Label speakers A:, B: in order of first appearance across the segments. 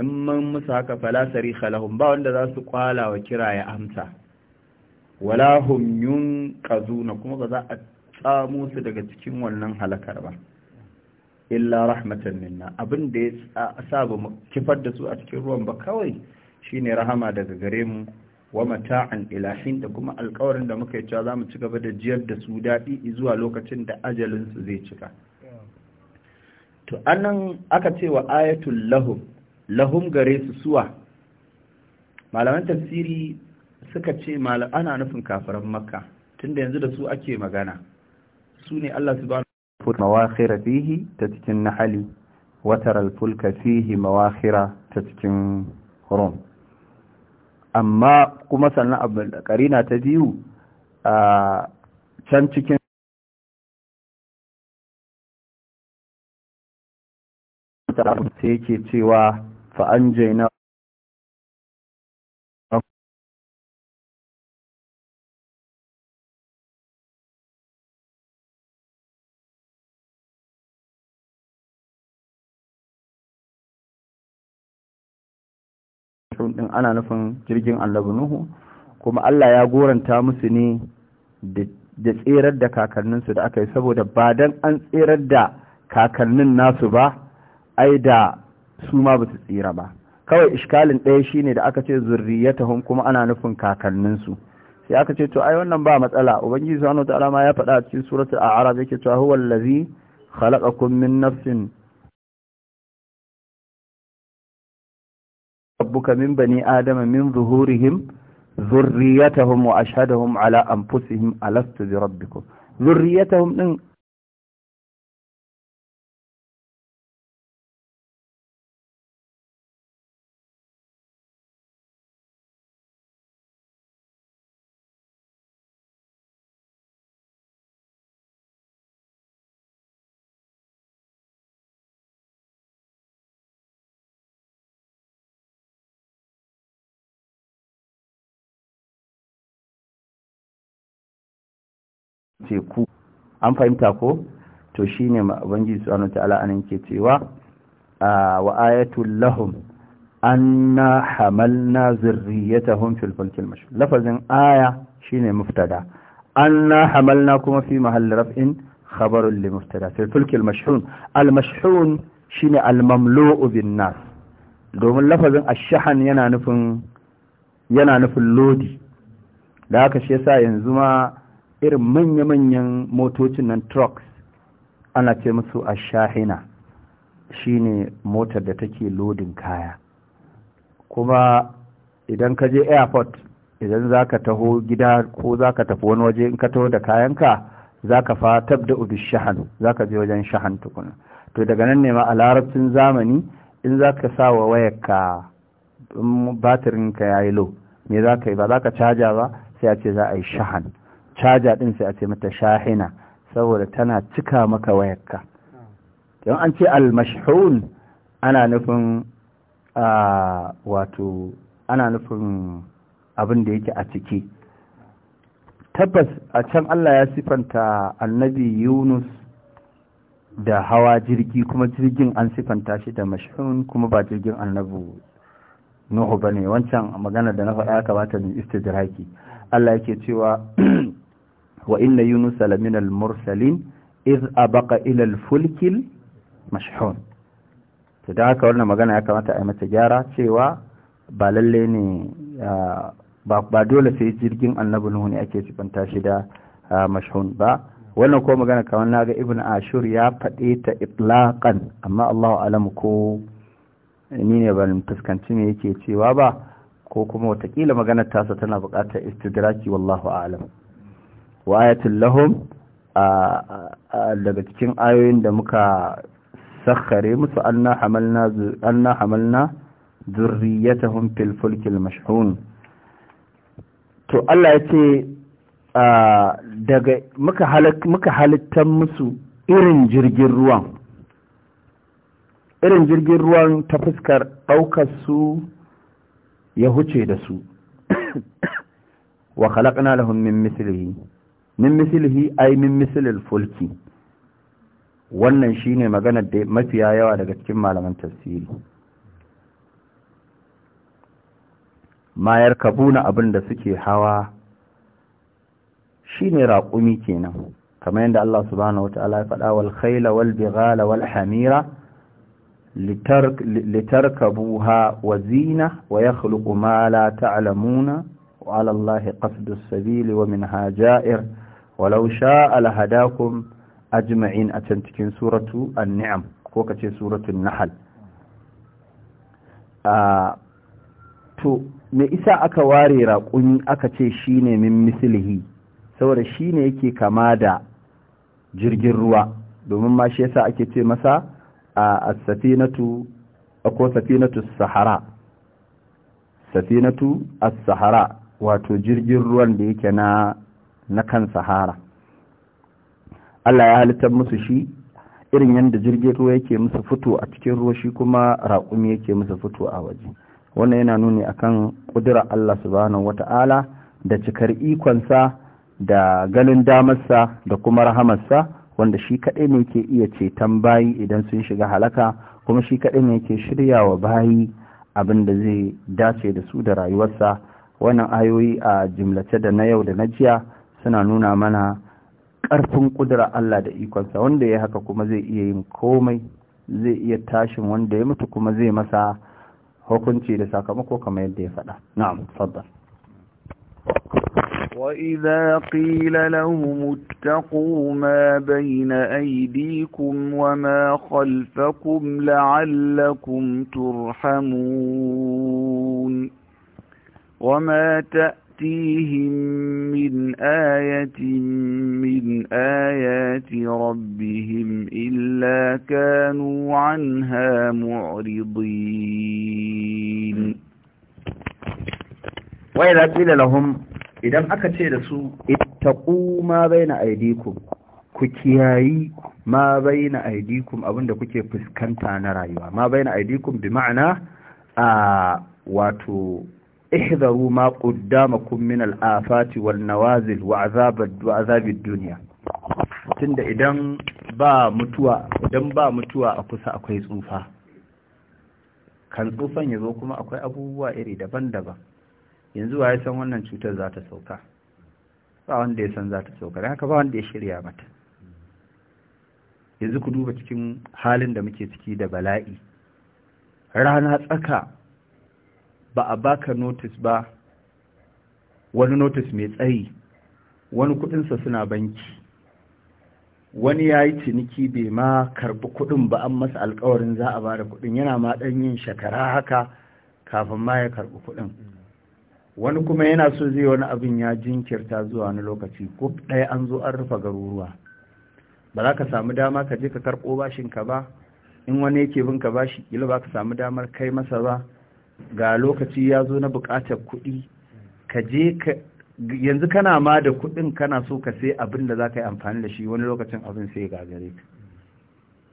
A: in man musu haka falasari khalahum ba wanda za su kwala wa kira ya amsa wala hum yunqazuna kuma ba za a tsamo su daga cikin wannan halakar ba illa rahmatan minna abin da ya saba kifar da su a cikin ruwan ba kawai shine rahama daga gare mu wa mata'an ilahin da kuma alƙawarin da muka yi cewa za mu ci gaba da jiyar da su daɗi zuwa lokacin da ajalinsu zai cika to anan aka ce wa ayatul lahum lahum gare su suwa malaman tafsiri suka ce ana nufin kafiran makka tunda yanzu da su ake magana su ne Allah subhanahu wa mawakhira fihi ta cikin nahali watar alfulka fihi mawakhira ta cikin rum amma kuma sannan abin karina ta biyu a can cikin
B: ta yake cewa فأنجينا
A: ɗin ana nufin jirgin allabu Nuhu kuma Allah ya goranta musu ne da tserar da kakanninsu da aka yi saboda ba dan an tserar da kakannin nasu ba ai da su ma ba su tsira ba kawai iskalin ɗaya shine da aka ce zurriyatahum kuma ana nufin kakanninsu sai aka ce to ai wannan ba matsala ubangiji subhanahu wataala ma ya faɗa a cikin suratul a'raf yake cewa huwa allazi khalaqakum min nafsin rabbuka min bani adama min zuhurihim zurriyatahum wa ashhadahum ala anfusihim alastu bi rabbikum zurriyatahum din ce ku an fahimta ko to shine ubangiji subhanahu ta'ala anan ke cewa wa ayatul lahum anna hamalna zurriyatahum fil fulkil mashhur lafazin aya shine muftada anna hamalna kuma fi mahall raf'in khabarun li muftada fil fulkil mashhun al mashhun shine al mamlu'u bin nas domin lafazin ashahan yana nufin yana nufin lodi da haka shi yasa yanzu ma irin manya-manyan motocin nan trucks ana ce musu a shahina shine motar da take lodin kaya kuma idan ka je airport idan za ka taho gida ko za ka tafi wani waje in ka taho da kayanka za ka fa tabda ubi shahan za ka je wajen shahan tukuna to daga nan ne ma a larabcin zamani in za ka sa wa wayarka batirinka ya yi low me za ka yi ba za ka caja ba sai a ce za a yi shahan caja ɗin sai a ce mata shahina saboda tana cika maka wayarka don an ce almashhun ana nufin wato ana nufin abin da yake a ciki tabbas a can Allah ya sifanta annabi Yunus da hawa jirgi kuma jirgin an sifanta shi da mashhun kuma ba jirgin annabi Nuhu ba ne wancan magana da na faɗa ya kamata mu istidraki Allah yake cewa wa inna yunus lamin al-mursalin iz abaqa ila al-fulk al haka wannan magana ya kamata a yi mata gyara cewa ba lalle ne ba dole sai jirgin annabi nuhu ne ake sifanta shi da mashhun ba wannan ko magana kamar na ga ibn ashur ya faɗe ta itlaqan amma Allahu alam ko ni ne ban fuskanci me yake cewa ba ko kuma watakila maganar tasa tana buƙatar istidraki wallahu a'lam wa ayatul lahum daga cikin ayoyin da muka sakhare musu anna hamalna anna hamalna zurriyatahum fil fulkil mashhun to Allah yace daga muka halak muka halittan musu irin jirgin ruwan irin jirgin ruwan ta fuskar daukar su ya huce da su wa khalaqna lahum min mithlihi min mislihi ai min mislil fulki wannan shine maganar da mafiya yawa daga cikin malaman tafsiri mayar kabuna abin da suke hawa shine raƙumi kenan kamar yadda Allah subhanahu wataala ya faɗa wal khayla wal bighala wal hamira litarkabuha wa zina wa yakhluqu ma la ta'lamuna wa 'ala Allahi sabili wa minha ja'ir walau sha alhadakum ajma'in a can cikin suratu an-ni'am ko kace suratul nahl a to me isa aka ware raƙumi aka ce shine min mislihi saboda shine yake kama da jirgin ruwa domin ma shi yasa ake ce masa a safinatu ko safinatu sahara safinatu as-sahara wato jirgin ruwan da yake na na kan sahara Allah ya halittar musu shi irin yadda jirgin ruwa yake musu fito a cikin ruwa shi kuma raƙumi yake musu fito a waje wannan yana nuni akan kudura Allah subhanahu wata'ala da cikar ikonsa da ganin damarsa da kuma rahamarsa wanda shi kaɗai ne ke iya ceton bayi idan sun shiga halaka kuma shi kaɗai ne ke shirya wa bayi abin da zai dace da su da rayuwarsa wannan ayoyi a jimlace da na yau da na jiya suna nuna mana ƙarfin ƙudura Allah da ikonsa wanda ya haka kuma zai iya yin komai zai iya tashin wanda ya mutu kuma zai masa hukunci da sakamako kamar yadda ya faɗa na'am faddal
C: وَإِذَا قِيلَ لَهُمُ اتَّقُوا مَا بَيْنَ أَيْدِيكُمْ وَمَا خَلْفَكُمْ لَعَلَّكُمْ تُرْحَمُونَ وَمَا تَأْتِي تأتيهم مِنْ آيَةٍ مِنْ آيَاتِ رَبِّهِمْ إِلَّا كَانُوا عَنْهَا مُعْرِضِينَ وَإِذَا قِيلَ لَهُمْ إذا
A: أَكَتَ سوء اتَّقُوا مَا بَيْنَ أَيْدِيكُمْ ku مَا بَيْنَ أَيْدِيكُمْ أَبُنْدَ كُكِي kuke fuskanta na rayuwa ma baina aidikum bi ma'ana ihdaru ma qaddamakum min al-afati wal nawazil wa azabad wa azabid dunya tunda idan ba mutuwa idan ba mutuwa a kusa akwai tsufa kan tsufan yazo kuma akwai abubuwa iri daban-daban yanzu waye san wannan cutar za ta sauka ba wanda ya san za ta sauka haka ba wanda ya shirya mata yanzu ku duba cikin halin da muke ciki da bala'i rana tsaka ba a baka notis ba wani notis mai tsayi wani kudinsa suna banki wani ya yi ciniki bai ma karbi kudin ba an masa alkawarin za a ba da kudin yana ma dan yin shakara haka kafin ma ya karbi kudin wani kuma yana so zai wani abin ya jinkirta zuwa wani lokaci ko ɗaya an zo an rufe garuruwa ba za ka samu dama ka je ka karɓo bashinka ba in wani yake bin ka bashi kila ba ka samu damar kai masa ba ga lokaci ya zo na buƙatar kuɗi ka yanzu kana ma da kuɗin kana so ka sai abin da za ka yi amfani da shi wani lokacin abin sai gagare ka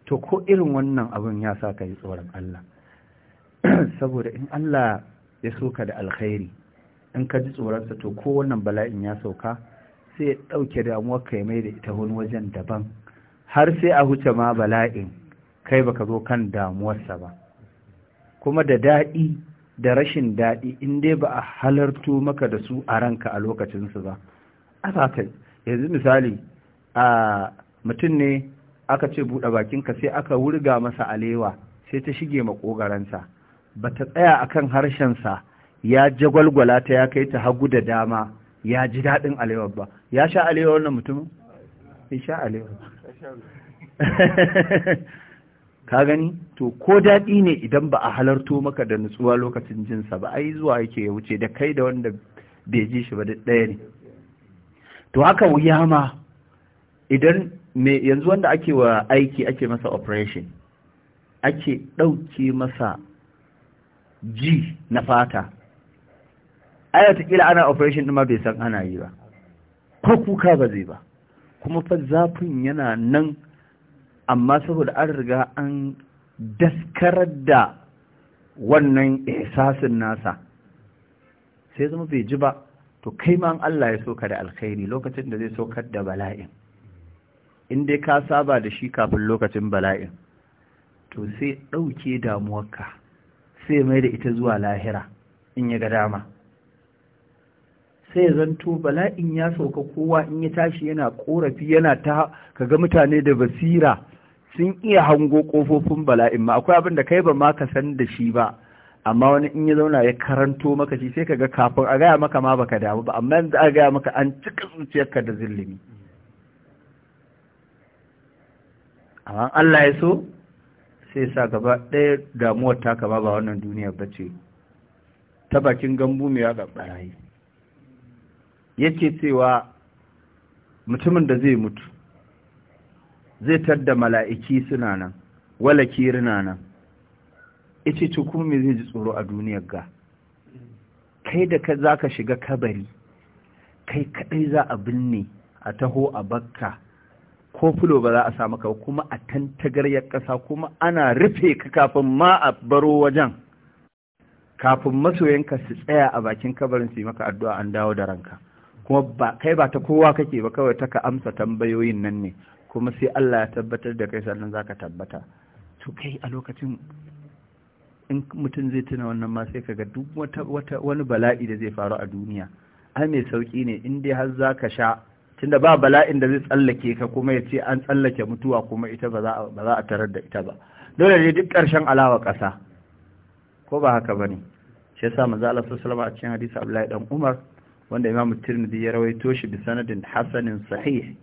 A: to ko irin wannan abin ya sa ka yi tsoron Allah saboda in Allah ya so ka da alkhairi in ka ji tsoronsa to ko wannan bala'in ya sauka sai ya ɗauke damuwar ka mai da ita wani wajen daban har sai a huce ma bala'in kai baka zo kan damuwarsa ba kuma da daɗi da rashin daɗi in dai ba a halartu maka da su a ranka a lokacinsu ba a zata yanzu misali a mutum ne aka ce buɗe bakinka sai aka wurga masa alewa sai ta shige maƙogaransa ba ta tsaya a kan harshensa ya jagwalgwala ta ya kai ta hagu da dama ya ji daɗin alewar ba ya sha alewar wannan mutumin? ya sha alewar ka gani to ko daɗi ne idan ba a halarto maka da nutsuwa lokacin jinsa ba ai zuwa yake ya wuce da kai da wanda bai ji shi ba daɗaya ɗaya ne to haka wuya ma idan me yanzu wanda ake wa aiki ake masa operation ake ɗauke masa ji na fata ai kila ana operation ɗin ma bai san ana yi ba ko kuka ba zai ba kuma fa zafin yana nan amma saboda an riga an daskarar da wannan ihsasin nasa sai zama bai ji ba to kai ma Allah ya soka da alkhairi lokacin da zai sokar da bala'in in dai ka saba da shi kafin lokacin bala'in to sai ɗauke damuwarka sai mai da ita zuwa lahira in ya ga dama sai ya zanto bala'in ya sauka kowa in ya tashi yana korafi yana ta kaga mutane da basira sun iya hango kofofin bala'in ma akwai abin da kai ba ma ka san da shi ba amma wani in ya zauna ya karanto maka shi sai ka ga kafin a gaya maka ma baka damu ba amma yanzu a gaya maka an cika zuciyarka da zillimi amma Allah ya so sai sa gaba ɗaya damuwar ta kama ba wannan duniyar ba ce ta bakin gambu mai ya ɓarayi yake cewa mutumin da zai mutu zai tadda mala'iki suna nan wala kirina nan ita ce kuma me zai ji tsoro a duniyar ga kai da ka za ka shiga kabari kai kaɗai za a binne a taho a bakka ko fulo ba za a samu ka kuma a ya ƙasa kuma ana rufe ka kafin ma a baro wajen kafin masoyanka su tsaya a bakin kabarin su yi maka addu'a an dawo da ranka kuma ba kai ba ta kowa kake ba kawai ta ka amsa tambayoyin nan ne kuma sai Allah ya tabbatar da kai sannan zaka tabbata to kai a lokacin in mutum zai tuna wannan ma sai kaga duk wata wani bala'i da zai faru a duniya ai mai sauki ne in dai har zaka sha tunda ba bala'in da zai tsallake ka kuma ya ce an tsallake mutuwa kuma ita ba za a tarar da ita ba dole ne duk karshen alawa kasa ko ba haka ba ne shi yasa manzo Allah sallallahu a cikin hadisi Abdullahi dan Umar wanda Imam Tirmidhi ya rawaito shi bi sanadin hasanin sahih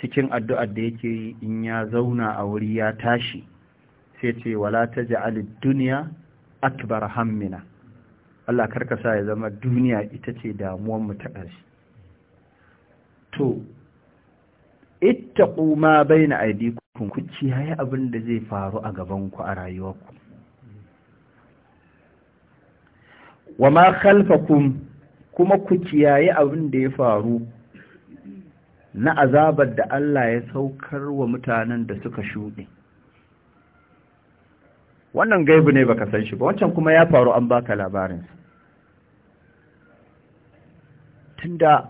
A: cikin addu'ar da yake yi in ya zauna a wuri ya tashi sai ce wala ta ja'ali duniya akbar hammina Allah karkasa ya zama duniya ita ce damuwanmu ta ƙarshe to ita ma baina aydikum ku yi abin da zai faru a gabanku a rayuwarku wa ma kalfa kuma ku yi abin da ya faru na azabar da Allah ya saukar wa mutanen da suka shuɗe wannan gaibu ne baka san shi ba wancan kuma ya faru an baka labarin tunda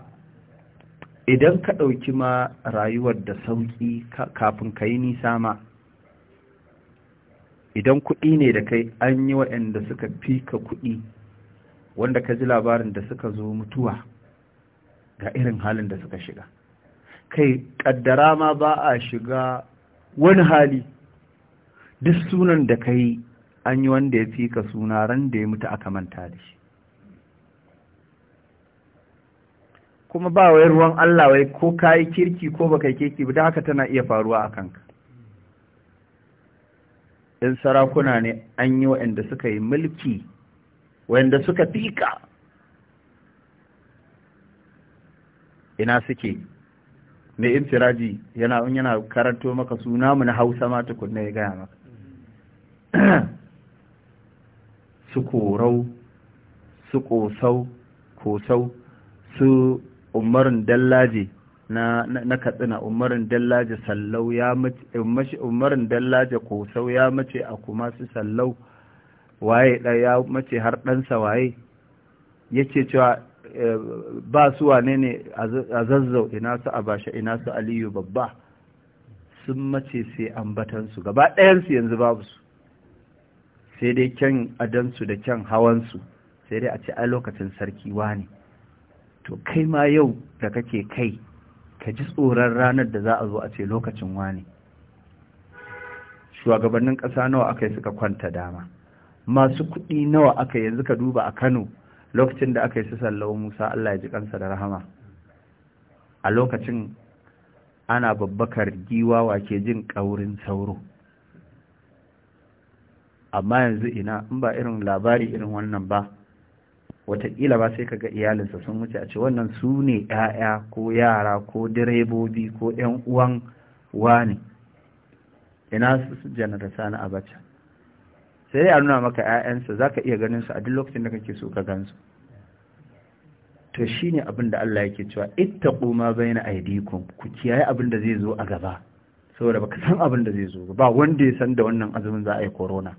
A: idan ka ɗauki ma rayuwar da sauƙi kafin ka yi nisa ma idan kuɗi ne da kai an yi waɗanda suka fi ka kuɗi wanda ka ji labarin da suka zo mutuwa ga irin halin da suka shiga kai kaddara ma ba a shiga wani hali duk sunan da ka yi an yi wanda ya fi ka suna ran da ya mutu aka manta da shi kuma ba wai ruwan Allah wai ko ka yi kirki ko ba yi kirki ba da haka tana iya faruwa a kanka in sarakuna ne an yi waɗanda suka yi mulki waɗanda suka fika ina suke mai intiraji yana in yana karanto maka suna mu na hausa ma tukunna ya gaya maka su korau su kosau kosau su umarin dallaje na na katsina umarin dallaje sallau ya mace umarin dallaje kosau ya mace a kuma su sallau waye ya mace har ɗansa waye yace cewa ba su wane ne a zazzau ina su abasha ina su aliyu babba sun mace sai ambatansu gaba ɗayansu yanzu babu su sai dai kyan adansu da kyan hawansu sai dai a ce a lokacin sarki ne. to kai ma yau da kake kai ka ji tsoron ranar da za a zo a ce lokacin wane shugabannin ƙasa nawa aka yi suka kwanta dama masu kuɗi nawa aka yanzu ka duba a kano lokacin da aka yi su sallawa musa allah ya ji kansa da rahama a lokacin ana babbakar giwa wake jin ƙaurin sauro amma yanzu ina in ba irin labari irin wannan ba wataƙila ba sai kaga iyalinsa sun wuce a ce wannan su ne ‘ya'ya ko yara ko direbobi ko ‘yan uwan wani ina su janar sani abacha sai ya nuna maka 'ya'yansa, za ka iya ganin su a duk lokacin da kake so ka gansu to shine abin da Allah yake cewa ƙoma bai na aidikun ku kiyaye abin da zai zo a gaba saboda baka san abin da zai zo ba wanda ya san da wannan azumin za a yi corona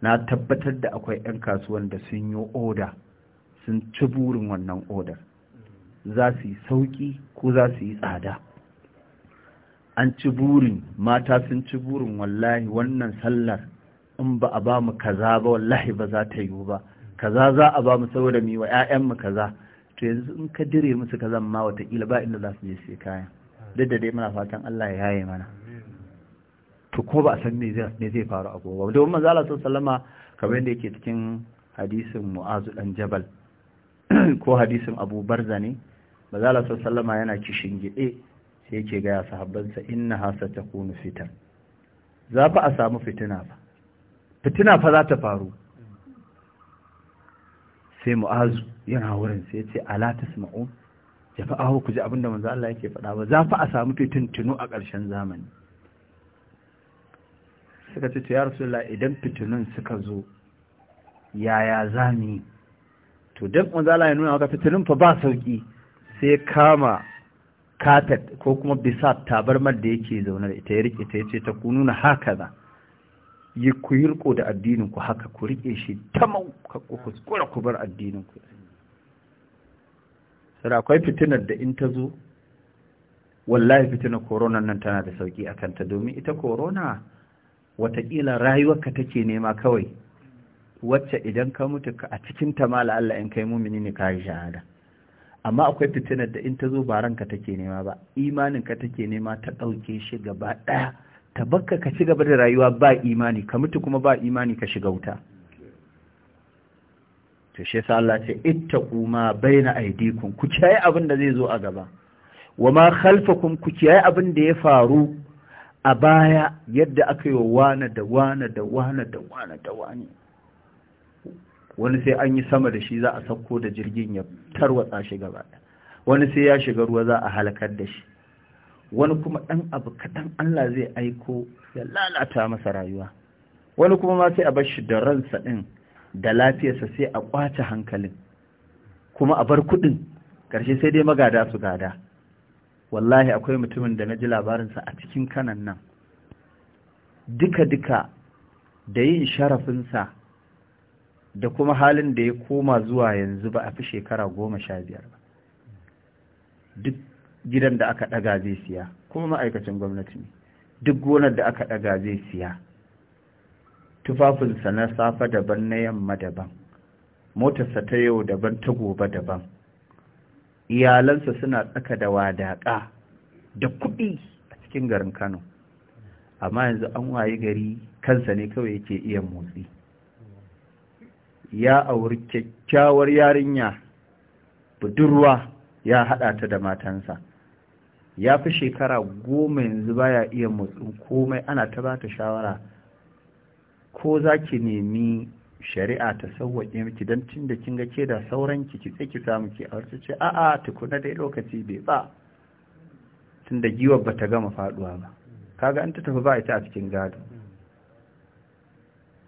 A: na tabbatar da akwai 'yan kasuwan da sun yi oda sun ci burin wannan odar za su yi sauki ko za su yi tsada an ci burin mata sun ci burin wallahi wannan sallar in ba a ba mu kaza ba wallahi ba za ta yiwu ba kaza za a ba mu saboda mu wa wa mu kaza to yanzu in ka dire musu kaza ma watakila ba inda za su je su kayan duk da dai muna fatan Allah ya yaye mana to ko ba a san me zai faru a gobe domin manzo Allah sallama kamar yadda yake cikin hadisin Mu'azu dan Jabal ko hadisin Abu Barza ne manzo Allah sallama yana kishin gide sai yake ga sahabbansa hasa takunu fitan za fa a samu fitina ba fitina fa za ta faru sai mu'azu yana wurin sai ce ala tasma'u jama'a ku ji abinda manzo Allah yake faɗa ba za fa a samu fitintunu a ƙarshen zamani suka ce ya rasulullah idan fitinun suka zo yaya zami to dan manzo Allah ya nuna maka fitinun fa ba sauki sai kama katat ko kuma bisat tabarmar da yake zaune ita ya rike ta yace ta kununa hakaza yi ku yi riko da addininku haka ku riƙe shi mauka, ka kuskura ku bar addininku sai akwai fitinar da in ta zo wallahi fitinar korona nan tana da sauki a kanta domin ita korona watakila ka take nema kawai wacce idan ka mutu a cikin ta mala Allah in kai mumini ne ka yi shahada amma akwai fitinar da in ta zo ba ranka take nema ba imanin ka take nema ta ɗauke shi gaba ɗaya ta bakka ka ci gaba da rayuwa ba imani ka mutu kuma ba imani ka shiga wuta to shi yasa Allah ce ittaqu ma baina aydikum ku kiyaye abin da zai zo a gaba wa ma khalfakum ku kiyaye abin da ya faru a baya yadda aka yi wana da wana da wana da wana da wani wani sai an yi sama da shi za a sauko da jirgin ya tarwatsa shi gaba wani sai ya shiga ruwa za a halakar da shi wani kuma ɗan abu kaɗan Allah zai aiko ya lalata masa rayuwa wani kuma ma sai a bar shi da ransa ɗin da lafiyarsa sai a ƙwace hankalin kuma a bar kuɗin ƙarshe sai dai magada su gada wallahi akwai mutumin da na ji labarinsa a cikin kanan nan duka-duka da yin sharafinsa da kuma halin da ya koma zuwa yanzu ba a fi shekara goma sha biyar ba duk gidan da aka ɗaga zai siya kuma ma'aikacin gwamnati ne duk gonar da aka ɗaga zai siya tufafinsa na safa daban na yamma daban motarsa ta yau daban ta gobe daban iyalansa suna tsaka da wadaƙa da kuɗi a cikin garin kano amma yanzu an waye gari kansa ne kawai yake iya motsi ya auri kyakkyawar yarinya budurwa ya haɗa ta da matansa ya fi shekara goma yanzu baya iya motsin komai ana ta ba ta shawara ko za ki nemi shari'a ta sauwaƙe miki don tun da kin ga ke da sauran ki ki ki samu ki wasu ce a'a tukuna dai lokaci bai ba tun da giwar ba ta gama faduwa ba kaga an ta tafi ba ita a cikin gado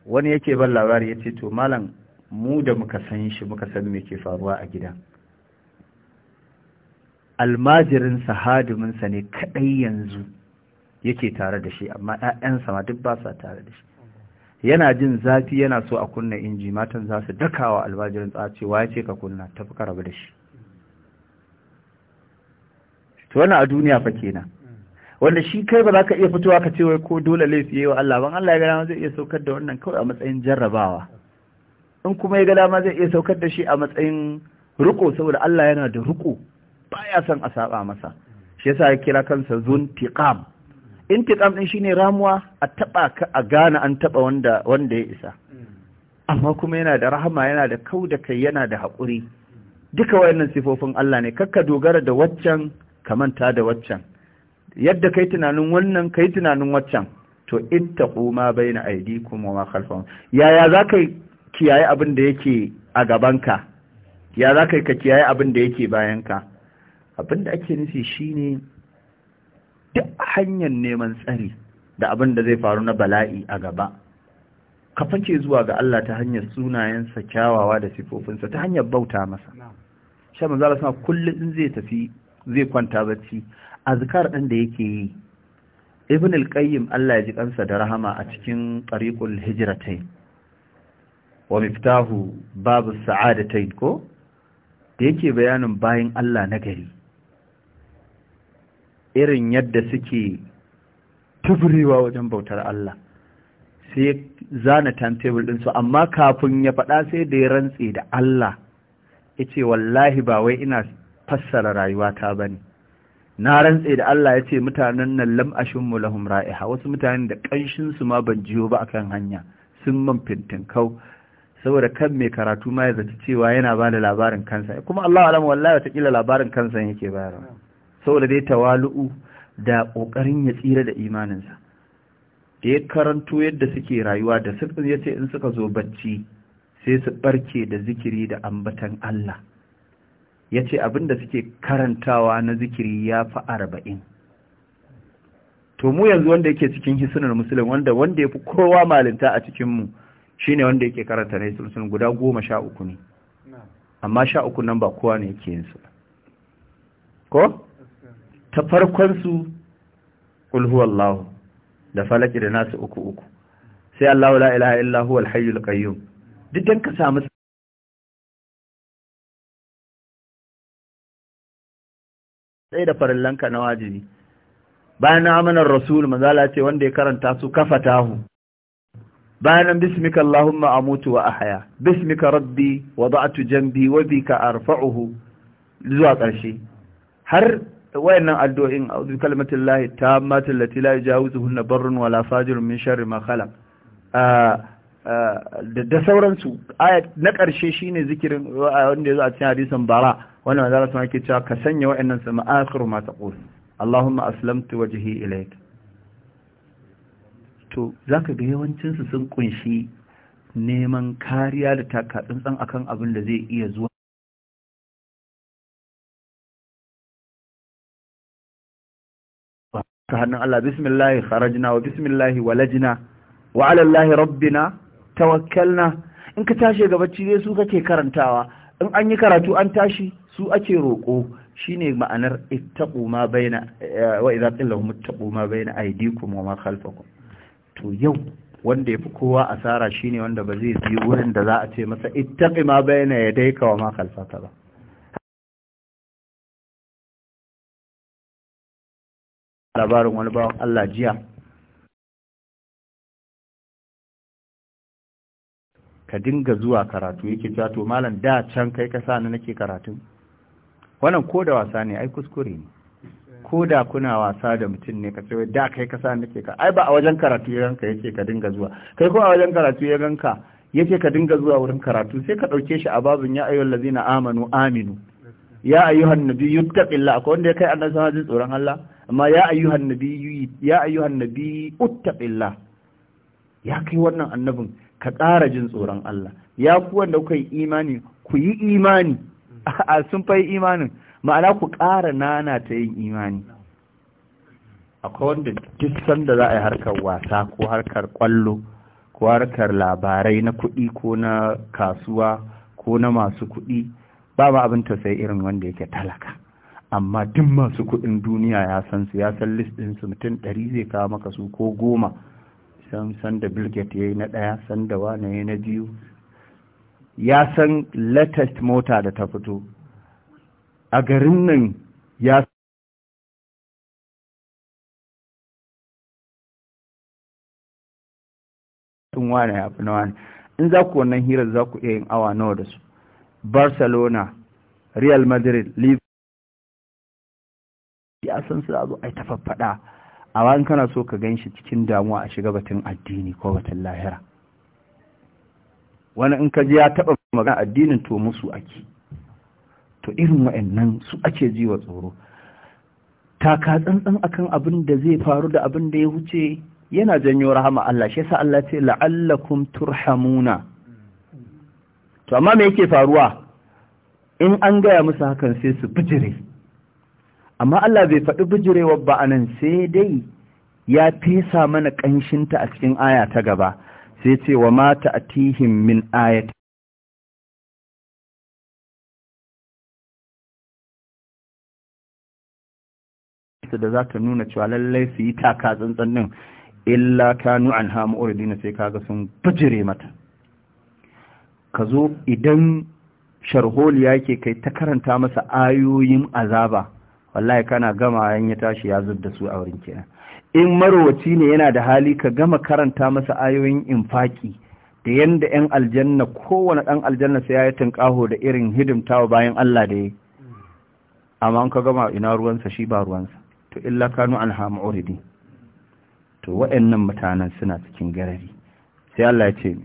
A: wani yake ban labari ya ce to malam mu da muka san shi muka san me ke faruwa a gidan almajirin sahadiminsa ne kadai yanzu yake tare da shi amma 'ya'yansa ma duk ba sa tare da shi yana jin zafi yana so a kunna inji matan za su dakawa almajirin tsacewa ya ce ka kunna tafi ka da shi to wani a duniya fa kenan wanda shi kai ba za ka iya fitowa ka ce wai ko dole laifi yi wa Allah ban Allah ya ga dama zai iya saukar da wannan kawai a matsayin jarrabawa in kuma ya ga dama zai iya saukar da shi a matsayin riko saboda Allah yana da riko baya son a saba masa shi yasa ya kira kansa zun in tiqam din shine ramuwa a taba ka a gane an taba wanda wanda ya isa amma kuma yana da rahama yana da da kai yana da hakuri duka wayannan sifofin Allah ne kakka dogara da waccan kamanta da waccan yadda kai tunanin wannan kai tunanin waccan to ittaqu ma baina aydikum wa ma khalfakum yaya zakai kiyaye abin da yake a gabanka ya ka kiyaye abin da yake bayanka Abin da ake nufi shine duk hanyar neman tsari da abin da zai faru na bala'i a gaba ka ce zuwa ga Allah ta hanyar sunayensa kyawawa da sifofinsa ta hanyar bauta masa sha manzo Allah sama kullum zai tafi zai kwanta bacci azkar ɗin da yake yi ibn al-qayyim Allah ya ji kansa da rahama a cikin tariqul hijratain wa miftahu babu sa'adatain ko da yake bayanin bayan Allah na gari irin yadda suke tufurewa wajen bautar Allah sai zana timetable ɗinsu amma kafin ya faɗa sai da ya rantse da Allah ya ce wallahi ba wai ina fassara rayuwata ba ne na rantse da Allah ya ce mutanen nan mu, lahum ra'iha wasu mutanen da ƙanshinsu ma ban jiyo ba akan hanya sun man kau saboda kan mai karatu ma ya zaci cewa yana ba da labarin kansa kuma Allah alamu wallahi watakila labarin kansa yake bayarwa saboda dai tawalu'u da ƙoƙarin ya tsira da imaninsa da ya karanto yadda suke rayuwa da sirrin ya ce in suka zo bacci sai su barke da zikiri da ambatan Allah ya ce abinda suke karantawa na zikiri ya fi arba'in to mu yanzu wanda yake cikin hisunar musulun wanda wanda ya fi kowa malinta a cikinmu shi ne wanda yake karanta na hisunar musulun guda goma sha uku ne amma sha uku nan ba kowa ne yake yinsu ko? ta farkonsu ƙulhuwallahu da falaki da nasu uku uku sai Allah la ilaha illa huwal hayyul qayyum
B: duk dan ka samu
A: sai da farillanka na wajibi bayan na amanar rasul manzala ce wanda ya karanta su kafatahu bayan nan bismika allahumma amutu wa ahya bismika rabbi wada'tu jambi wa bika arfa'uhu zuwa ƙarshe har wayannan addu'o'in a'udhu kalmatillahi tammatu allati la yajawizuhunna barrun wala fajirun min sharri ma khalaq ah, ah, da sauransu na ƙarshe shine zikirin ah, wanda yazo a cikin hadisin bara wannan manzo Allah yake cewa ka sanya wayannan su ma'akhiru ma taqul Allahumma aslamtu wajhi ilayk to zaka ga yawancin su sun kunshi neman kariya da takatsantsan akan abin da zai iya zuwa ta hannun Allah bismillahi kharajna wa bismillahi walajna wa ala Allahi rabbina tawakkalna in ka tashi ga bacci dai su kake karantawa in an yi karatu an tashi su ake roko shine ma'anar ittaqu ma baina eh, wa idza qila hum ittaqu ma baina aydikum wa ma khalfakum to yau wanda yafi kowa asara shine wanda ba zai yi wurin da za a ce masa ittaqi ma baina yadayka wa ma khalfaka ba
B: labarin wani bawan Allah jiya ka dinga
A: zuwa karatu yake cewa to malam da can kai ka sa ni nake karatun wannan ko da wasa ne ai kuskure ne ko da kuna wasa da mutum ne ka sai da kai ka sa ni nake ka ai ba a wajen karatu ya ka yake ka dinga zuwa kai ko a wajen karatu ya ganka yake ka dinga zuwa wurin karatu sai ka dauke shi a babin ya ayyuhal ladina amanu aminu ya ayyuhan nabiyyu taqillaha ko wanda ya kai annabi sallallahu alaihi wasallam tsoron Allah amma ya ayyuhan nabi ya ayyuhan nabi uttaqillah ya kai wannan annabin ka ƙara jin tsoron Allah ya ku wanda kuka yi imani ku yi imani a sun fa yi imanin ma'ana ku ƙara nana ta yin imani akwai wanda duk sanda za a yi harkar wasa ko harkar kwallo ko harkar labarai na kuɗi ko na kasuwa ko na masu kuɗi ba ma abin tausayi irin wanda yake talaka amma duk masu kuɗin duniya ya san su ya san list ɗin su mutum ɗari zai kawo maka su ko goma san san da bilget ya yi na ɗaya san da wane ya na biyu ya san latest mota da ta fito a garin nan ya san wane ya fi na wane in za ku wannan hirar za ku iya yin awa nawa da su barcelona real madrid liverpool san su a zo ai ta a wani kana so ka gan shi cikin damuwa a shiga batun addini ko batun lahira wani in ka ji ya taɓa magana addinin to musu ake to irin wa'annan su ake ji wa tsoro taka tsantsan akan abin da zai faru da abin da ya huce yana janyo rahama Allah shi yasa Allah ce la'allakum turhamuna to amma me yake faruwa in an gaya musu hakan sai su bijire amma Allah bai faɗi bijirewa ba a nan sai dai ya fesa mana ƙanshinta a cikin aya ta gaba sai ce wa mata tihin min ayata da za ta nuna cewa lallai su yi taka tsantsan ɗin illa kanu an hamu uridina sai kaga sun bijire mata ka zo idan sharholiya ke kai ta karanta masa ayoyin azaba wallahi kana gama yan ya tashi ya zudda su a wurin kenan in marowaci ne yana da hali ka gama karanta masa ayoyin infaki da yanda yan aljanna kowane dan aljanna sai ya yi tunƙaho da irin hidimtawa bayan Allah da ya amma an ka gama ina ruwansa shi ba ruwansa to illa kanu an hamu uridi to wa'annan mutanen suna cikin garari sai Allah ya ce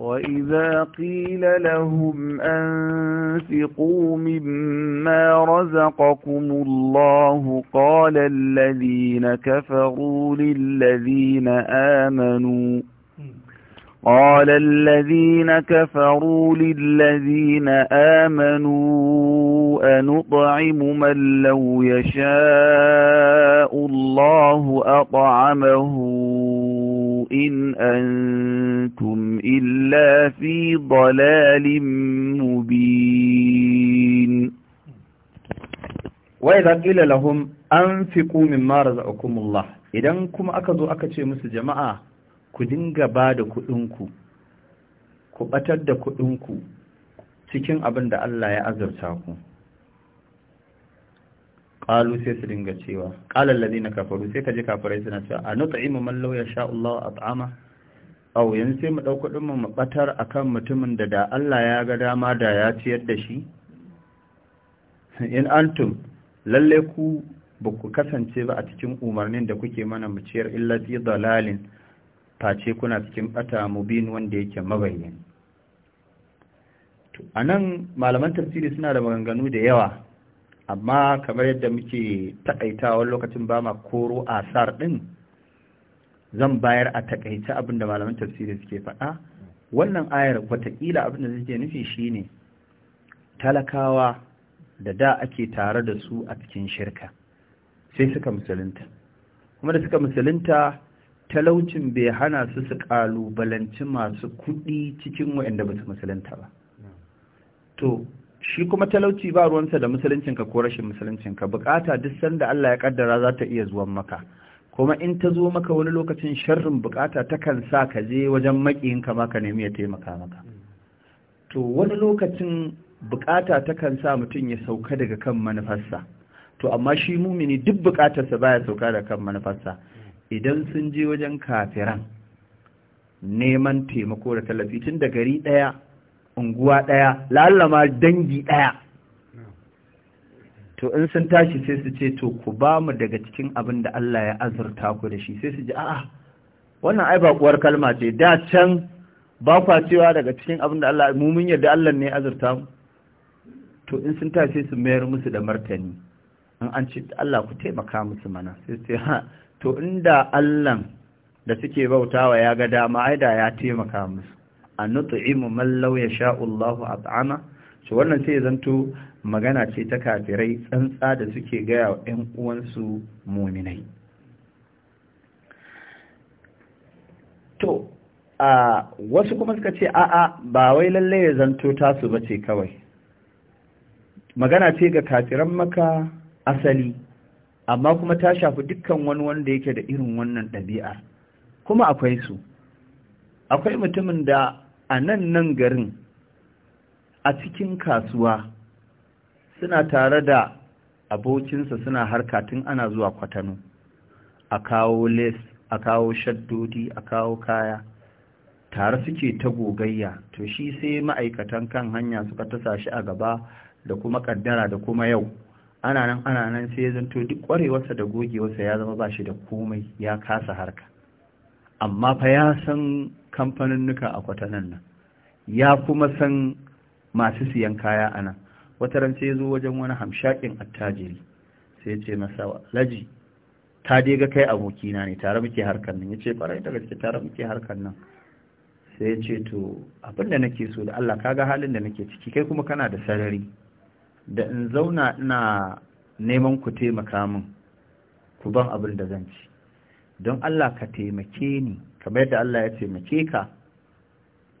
C: وَإِذَا قِيلَ لَهُمْ أَنفِقُوا مِمَّا رَزَقَكُمُ اللَّهُ قَالَ الَّذِينَ كَفَرُوا لِلَّذِينَ آمَنُوا قال الذين كفروا للذين آمنوا أنطعم من لو يشاء الله أطعمه إن أنتم إلا في ضلال مبين وإذا قيل لهم أنفقوا مما رزقكم الله idan kuma
A: aka zo aka ce musu jama'a ku dinga ba kuɗinku ku ɓatar da kuɗinku cikin abin da Allah ya azurta ku qalu sai su dinga cewa qala alladhina kafaru sai kaje kafirai suna cewa anut'imu man law yasha Allah at'ama aw yanzu sai mu dauko din mu batar akan mutumin da da Allah ya ga dama da ya ciyar da shi in antum lalle ku ba ku kasance ba a cikin umarnin da kuke mana mu ciyar illa fi dalalin face kuna cikin bata mubin wanda yake mabayyin to anan malaman tafsiri suna da maganganu da yawa amma kamar yadda muke taƙaitawa lokacin ba ma koro sar ɗin, zan bayar a takaice abinda malamin tafsiri suke faɗa wannan ayar wataƙila abinda suke nufi shi ne talakawa da da ake tare da su a cikin shirka sai suka musulunta kuma da suka musulunta talaucin bai hana su su kalubalanci masu kuɗi cikin waɗanda ba su musulunta ba to shi kuma talauci ba ruwansa da musuluncinka ko rashin musuluncinka bukata duk sanda Allah ya kaddara za ta iya zuwan maka kuma in ta zo maka wani lokacin sharrin bukata ta kan sa ka je wajen makiyinka ma ka nemi ya taimaka maka to wani lokacin bukata ta kan sa mutum ya sauka daga kan manufarsa to amma shi mumini duk bukatarsa baya sauka daga kan manufarsa idan sun je wajen kafiran neman taimako da tallafi tun da gari ɗaya. unguwa ɗaya lallama dangi ɗaya to in sun tashi sai su ce to ku ba mu daga cikin abin da Allah ya azurta ku da shi sai su ji a'a wannan ai kuwar kalma ce da can ba kwa cewa daga cikin abin da Allah mu mun yarda Allah ne azurta mu to in sun tashi sai su mayar musu da martani in an ce Allah ku taimaka musu mana sai su ha to inda Allah da suke bautawa ya ga dama ai da ya taimaka musu a nut'imu Mallau ya sha Allahu at'ama su wannan sai zanto magana ce ta kafirai tsantsa da suke gaya wa 'yan uwansu mu'minai to a wasu kuma suka ce a'a ba wai lallai ya zanto tasu ba ce kawai magana ce ga kafiran maka asali amma kuma ta shafi dukkan wani wanda yake da irin wannan ɗabi'a kuma akwai su akwai mutumin da a nan nan garin a cikin kasuwa suna tare da abokinsa suna harka tun ana zuwa kwatano a kawo les a kawo shaddodi a kawo kaya tare suke ta gogayya to shi sai ma'aikatan kan hanya suka tasa shi a gaba da kuma kaddara da kuma yau ana nan ana nan sai ya zanto duk kwarewarsa da gogewarsa ya zama ba shi da komai ya kasa harka amma fa ya san kamfaninnuka a kwatanan nan ya kuma san masu siyan kaya a nan wata rance ya zo wajen wani hamshakin attajiri sai ce masa laji ta dai ga kai abokina ne tare muke harkar nan ya ce ƙwarai daga cikin tare muke harkar nan sai ya ce to abinda nake so da Allah kaga halin da nake ciki kai kuma kana da sarari da in zauna ina neman ku taimaka min ku ban abin da zan ci don Allah ka taimake ni kamar yadda Allah ya taimake ka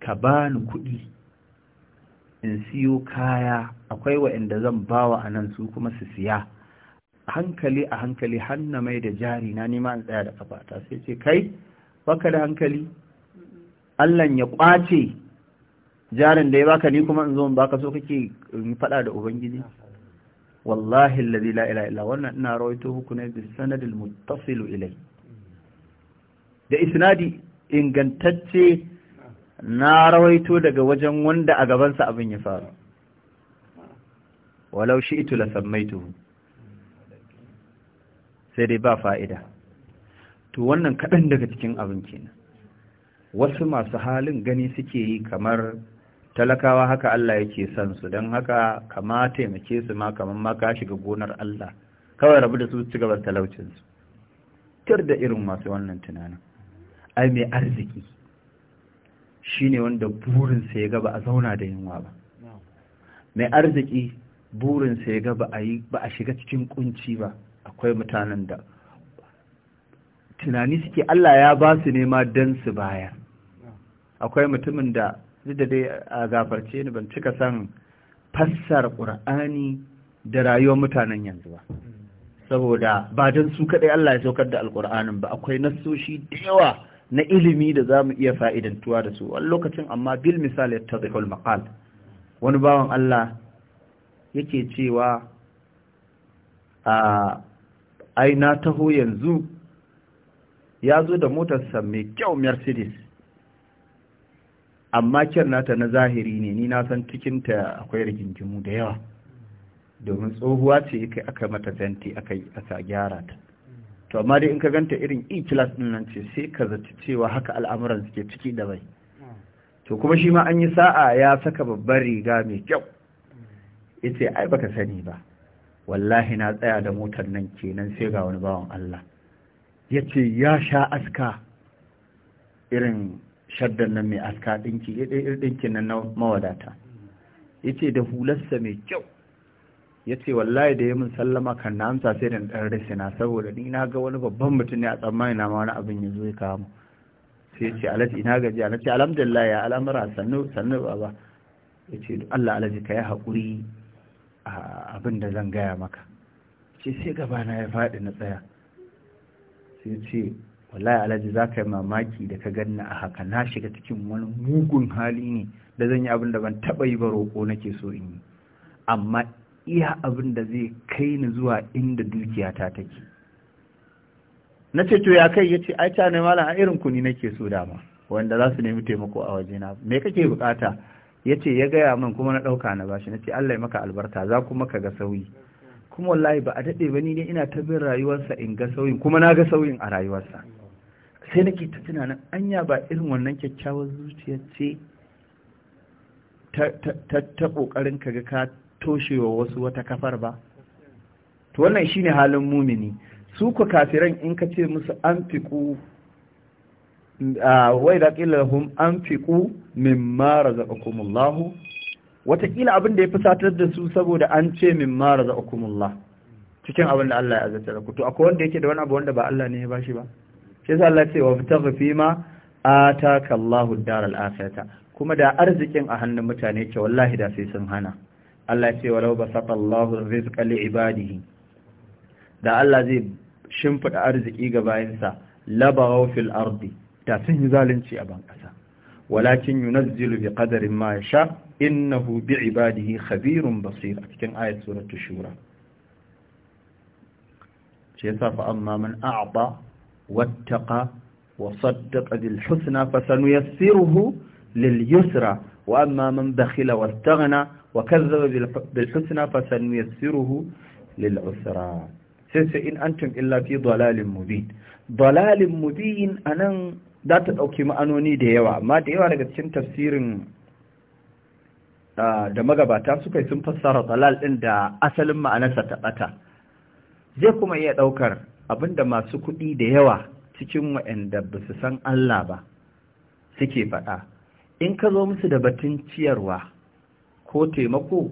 A: ka bani kuɗi in siyo kaya akwai wa'inda zan bawa a nan su kuma su siya a hankali a hankali hanna mai da jari na nima in tsaya da kafata sai ce kai baka da hankali Allahn ya kwace jarin da ya baka ni kuma in zo in baka so kake in faɗa da ubangiji wallahi alladhi la ilaha illa wannan ina rawaito hukunai bi sanadil muttasil ilayhi da isnadi ingantacce na rawaito daga wajen wanda a gabansa abin ya faru walau shi itu lasammaituhu sai dai ba fa'ida to wannan kaɗan daga cikin abin kenan wasu masu halin gani suke yi kamar talakawa haka Allah yake son su don haka kama taimake su ma kamar maka ka shiga gonar Allah kawai rabu da su ci gaban talaucinsu tir da irin masu wannan tunanin ai mai arziki shine wanda burinsa ya gaba a zauna da yunwa ba mai arziki burinsa ya ga ba a shiga cikin kunci ba akwai mutanen da tunani suke Allah ya ba su nema don su baya. akwai mutumin da da dai a gafarce ni ban cika san fassar ƙur'ani da rayuwar mutanen yanzu ba saboda ba don su kaɗai Allah ya saukar da alƙur'anin ba akwai nasoshi da yawa na ilimi da za mu iya fa'idantuwa da su wani lokacin amma bil misali ya tazihul maƙal wani bawan Allah yake cewa a ai taho yanzu ya zo da motarsa mai kyau mercedes amma kyar nata na zahiri ne ni na san cikinta akwai rigingimu da yawa domin tsohuwa ce aka mata fenti aka gyara ta to amma dai in ka ganta irin e class din nan ce sai ka zaci cewa haka al'amuran suke ciki da bai to kuma shi ma an yi sa'a ya saka babbar riga mai kyau yace ai baka sani ba wallahi na tsaya da motar nan kenan sai ga wani bawan Allah yace ya sha aska irin shaddan nan mai aska dinki irin dinkin nan na mawadata yace da hularsa mai kyau ya ce wallahi da ya min sallama kan na amsa sai da ɗan na, saboda ni na ga wani babban mutum ne a tsammani na ma wani abin ya zo ya kawo sai ya ce alaji ina gaji na ce alhamdulillah ya al'amura sannu sannu baba ya ce Allah alaji ka yi haƙuri a abin da zan gaya maka ce sai gabana ya faɗi na tsaya sai ce wallahi alaji za ka yi mamaki da ka ganna a haka na shiga cikin wani mugun hali ne da zan yi abin da ban taɓa yi ba roƙo nake so in yi amma iya abin da zai kai ni zuwa inda dukiyata take na ce to ya kai ya ce ai ta ne malam a irin ku nake so dama wanda za su nemi taimako a waje na me kake bukata ya ce ya gaya min kuma na ɗauka na bashi na ce Allah ya maka albarka za kuma ka ga sauyi kuma wallahi ba a daɗe ba ni ne ina ta bin rayuwarsa in ga sauyin kuma na ga sauyin a rayuwarsa sai nake ta tunanin anya ba irin wannan kyakkyawar zuciya ce ta ƙoƙarin ka ga ka toshewa wasu wata kafar ba to wannan shine halin mumini su ku kafiran in ka ce musu anfiqu wa an qila lahum anfiqu mimma razaqakumullahu watakila abin da ya fusatar da su saboda an ce mimma razaqakumullah cikin abin da Allah ya azata ku to akwai wanda yake da wani abu wanda ba Allah ne ya bashi ba shi yasa Allah ya ce wa fitaghi fima ataka Allahu ad-daral akhirata kuma da arzikin a hannun mutane ke wallahi da sai sun hana Allah ce walau basata Allahu rizqa li ibadihi da Allah zai shimfida arziki ga bayansa labaghaw fil ardi da sun zalunci a ban kasa walakin yunazzilu bi qadarin ma yasha innahu bi ibadihi khabirun basir a cikin ayat suratu shura ce yasa fa amma man a'ta wattaqa wa saddaqa bil husna fasanuyassiruhu lil yusra wa amma man bakhila wastaghna wa kazzaba bil husna fasanuyassiruhu lil usra sai sai in antum illa fi dalalin mubin dalalin mubin anan za ta dauki ma'anoni da yawa amma da yawa daga cikin tafsirin da magabata suka yi sun fassara dalal ɗin da asalin ma'anarsa ta bata zai kuma iya ɗaukar abinda masu kuɗi da yawa cikin waɗanda ba su san Allah ba suke faɗa in ka zo musu da batun ciyarwa ko taimako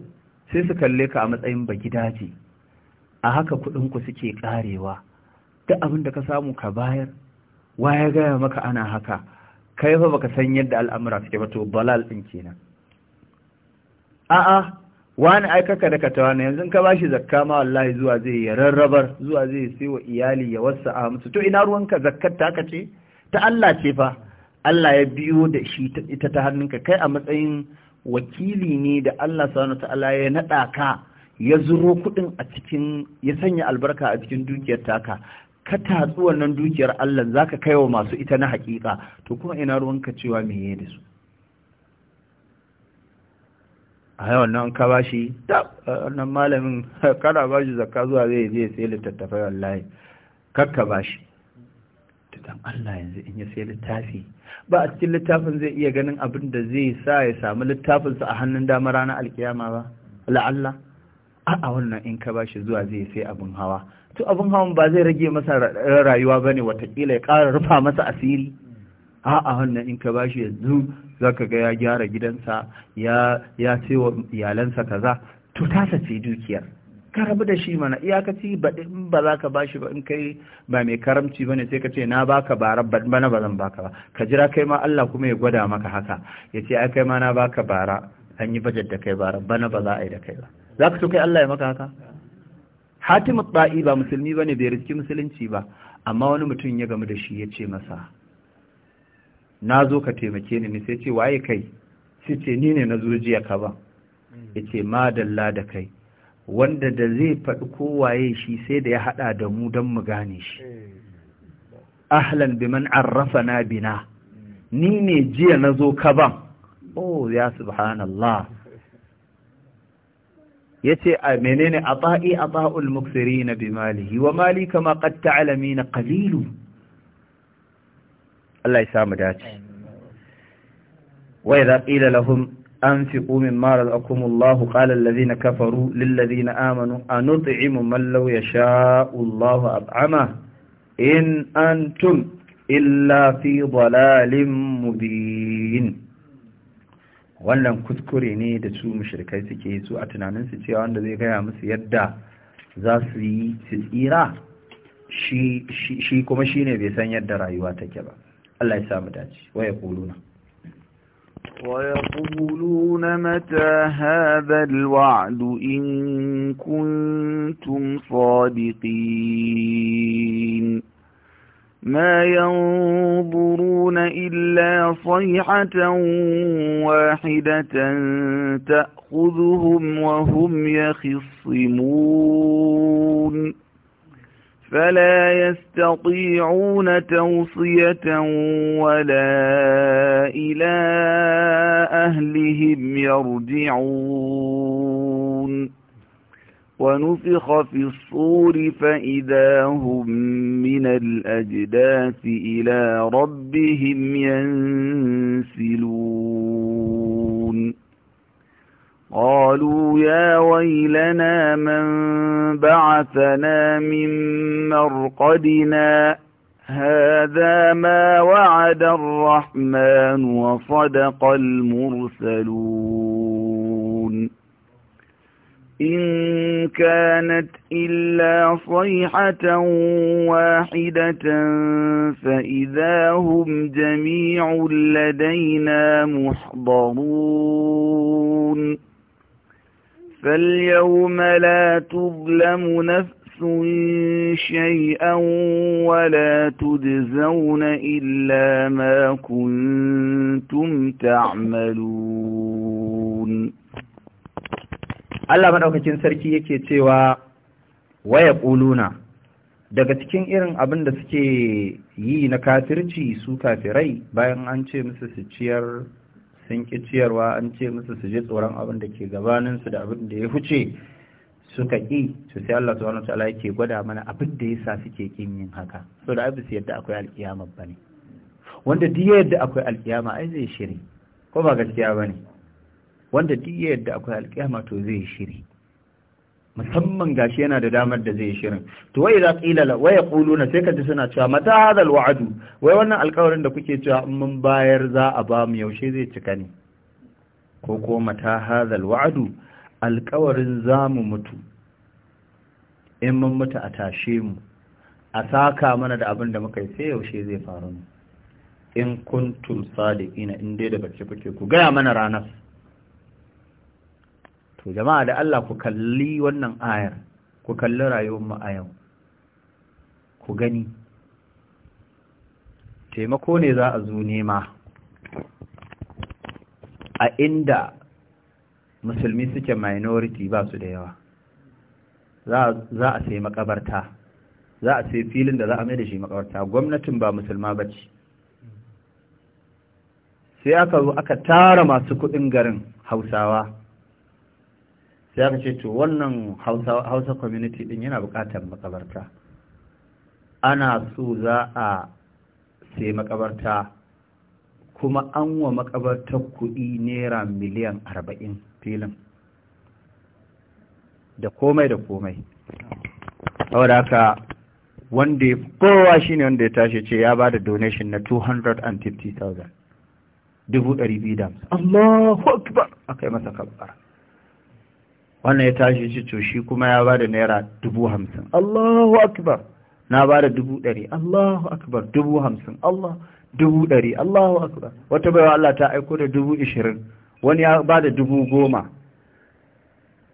A: sai su kalle ka a matsayin bagidaje a haka kuɗinku suke ƙarewa, duk abin da ka samu ka bayar waya gaya maka ana haka kai fa baka san yadda al'amura suke ba to balal din kenan a'a wani aikaka da katawa ne yanzu ka bashi zakka ma wallahi zuwa zai ya rarrabar zuwa zai sai wa iyali ya wasa'a musu to ina ruwanka zakkar ta ka ce ta Allah ce fa Allah ya biyo da shi ita ta hannunka kai a matsayin wakili ne da Allah subhanahu ta'ala ya nada ka ya zuro kudin a cikin ya sanya albarka a cikin dukiyar taka ka tatsu wannan dukiyar Allah zaka wa masu ita na hakika to kuma ina ruwanka cewa me yayi da su a wannan nan ka bashi da wannan malamin kana bashi zakka zuwa zai je sai littattafai wallahi kakka bashi to dan Allah yanzu in ya sai littafi ba a cikin littafin zai iya ganin abin da zai sa ya samu littafinsa a hannun dama rana alkiyama ba la'alla a wannan in ka bashi zuwa zai sai abin hawa to abin hawan ba zai rage masa rayuwa ba ne watakila ya ƙara rufa masa asiri a wannan in ka bashi yanzu za ka ga ya gyara gidansa ya sai wa iyalansa kaza to ta ce dukiyar ka rabu da shi mana iyakaci ba in ba za ka shi ba in kai ba mai karamci bane sai ka ce na baka bara bana ba zan baka ba ka jira kai ma Allah kuma ya gwada maka haka ya ce ai kai ma na baka bara an yi bajet da kai bara bana ba za a yi da kai ba za ka so kai Allah ya maka haka Hatim ba musulmi bane bai riski musulunci ba amma wani mutum ya gamu da shi ya ce masa na zo ka taimake ni ne sai ce waye kai sai ce ni ne na zo jiya ka ba ya ce madalla da kai wanda da zai faɗi kowaye shi sai da ya haɗa da mu don mu gane shi ahlan biman arrafa na bina ni ne jiya na zo kaban oh ya subhanallah ya ce a menene a ta'i a ta'ul muksiri na bi malihi wa mali kama ƙatta alami na ƙalilu Allah ya samu dace wai za ƙila lahum أنفقوا مما رزقكم الله قال الذين كفروا للذين آمنوا أنطعم من لو يشاء الله أبعمه إن أنتم إلا في ضلال مبين wannan kuskure ne da su mushrikai suke yi su a tunaninsu cewa wanda zai gaya musu yadda za su yi su tsira shi kuma shi ne bai san yadda rayuwa take ba Allah ya samu dace waya kuluna
C: ويقولون متى هذا الوعد إن كنتم صادقين ما ينظرون إلا صيحة واحدة تأخذهم وهم يخصمون فلا يستطيعون توصية ولا إلى أهلهم يرجعون ونفخ في الصور فإذا هم من الأجداث إلى ربهم ينسلون قالوا يا ويلنا من بعثنا من مرقدنا هذا ما وعد الرحمن وصدق المرسلون إن كانت إلا صيحة واحدة فإذا هم جميع لدينا محضرون فاليوم لا تظلم نفس شيئا ولا تجزون إلا ما كنتم تعملون Allah maɗaukacin sarki yake cewa
A: waya ƙuluna daga cikin irin abin da suke yi na kafirci su kafirai bayan an ce musu su ciyar sun ƙi ciyarwa an ce musu su je tsoron abin da ke gabaninsu da abin da ya huce suka ƙi su sai Allah subhanahu wataala yake gwada mana abin da yasa suke ƙin yin haka so da abin yadda akwai alƙiyama bane wanda duk yadda akwai alƙiyama ai zai shiri ko ba gaskiya bane wanda duk yadda akwai alƙiyama to zai shiri musamman gashi yana da damar da zai shirin to wai za qila wa yaquluna sai kaji suna cewa mata hadal wai wannan alƙawarin da kuke cewa mun bayar za a ba mu yaushe zai cika ne ko ko mata hadal alwa'du alƙawarin za mu mutu in mun mutu a tashe mu a saka mana da abin da muka yi sai yaushe zai faru in kuntum sadiqina in dai da barci kuke ku gaya mana ranar to jama'a da Allah ku kalli wannan ayar ku kalli rayuwar mu a yau ku gani taimako ne za a zo nema a inda musulmi suke minority ba su da yawa za a sai makabarta za a sai filin da za a mai da shi makabarta gwamnatin ba musulma ba ce sai aka zo aka tara masu kuɗin garin hausawa sai aka ce to wannan hausa community din yana bukatar makabarta ana so za a sai makabarta kuma an wa makabartar kuɗi naira miliyan arba'in filin da komai da komai saboda haka wanda kowa shi shine wanda ya tashi ce ya ba da donation na 250,000 dubu ɗari biyu da Allahu Akbar aka yi masa kabbara wannan ya tashi shi to shi kuma ya bada naira dubu hamsin Allahu akbar na bada dubu ɗari Allahu akbar dubu hamsin Allah dubu ɗari Allahu akbar wata baiwa Allah ta aiko da dubu ishirin wani ya bada dubu goma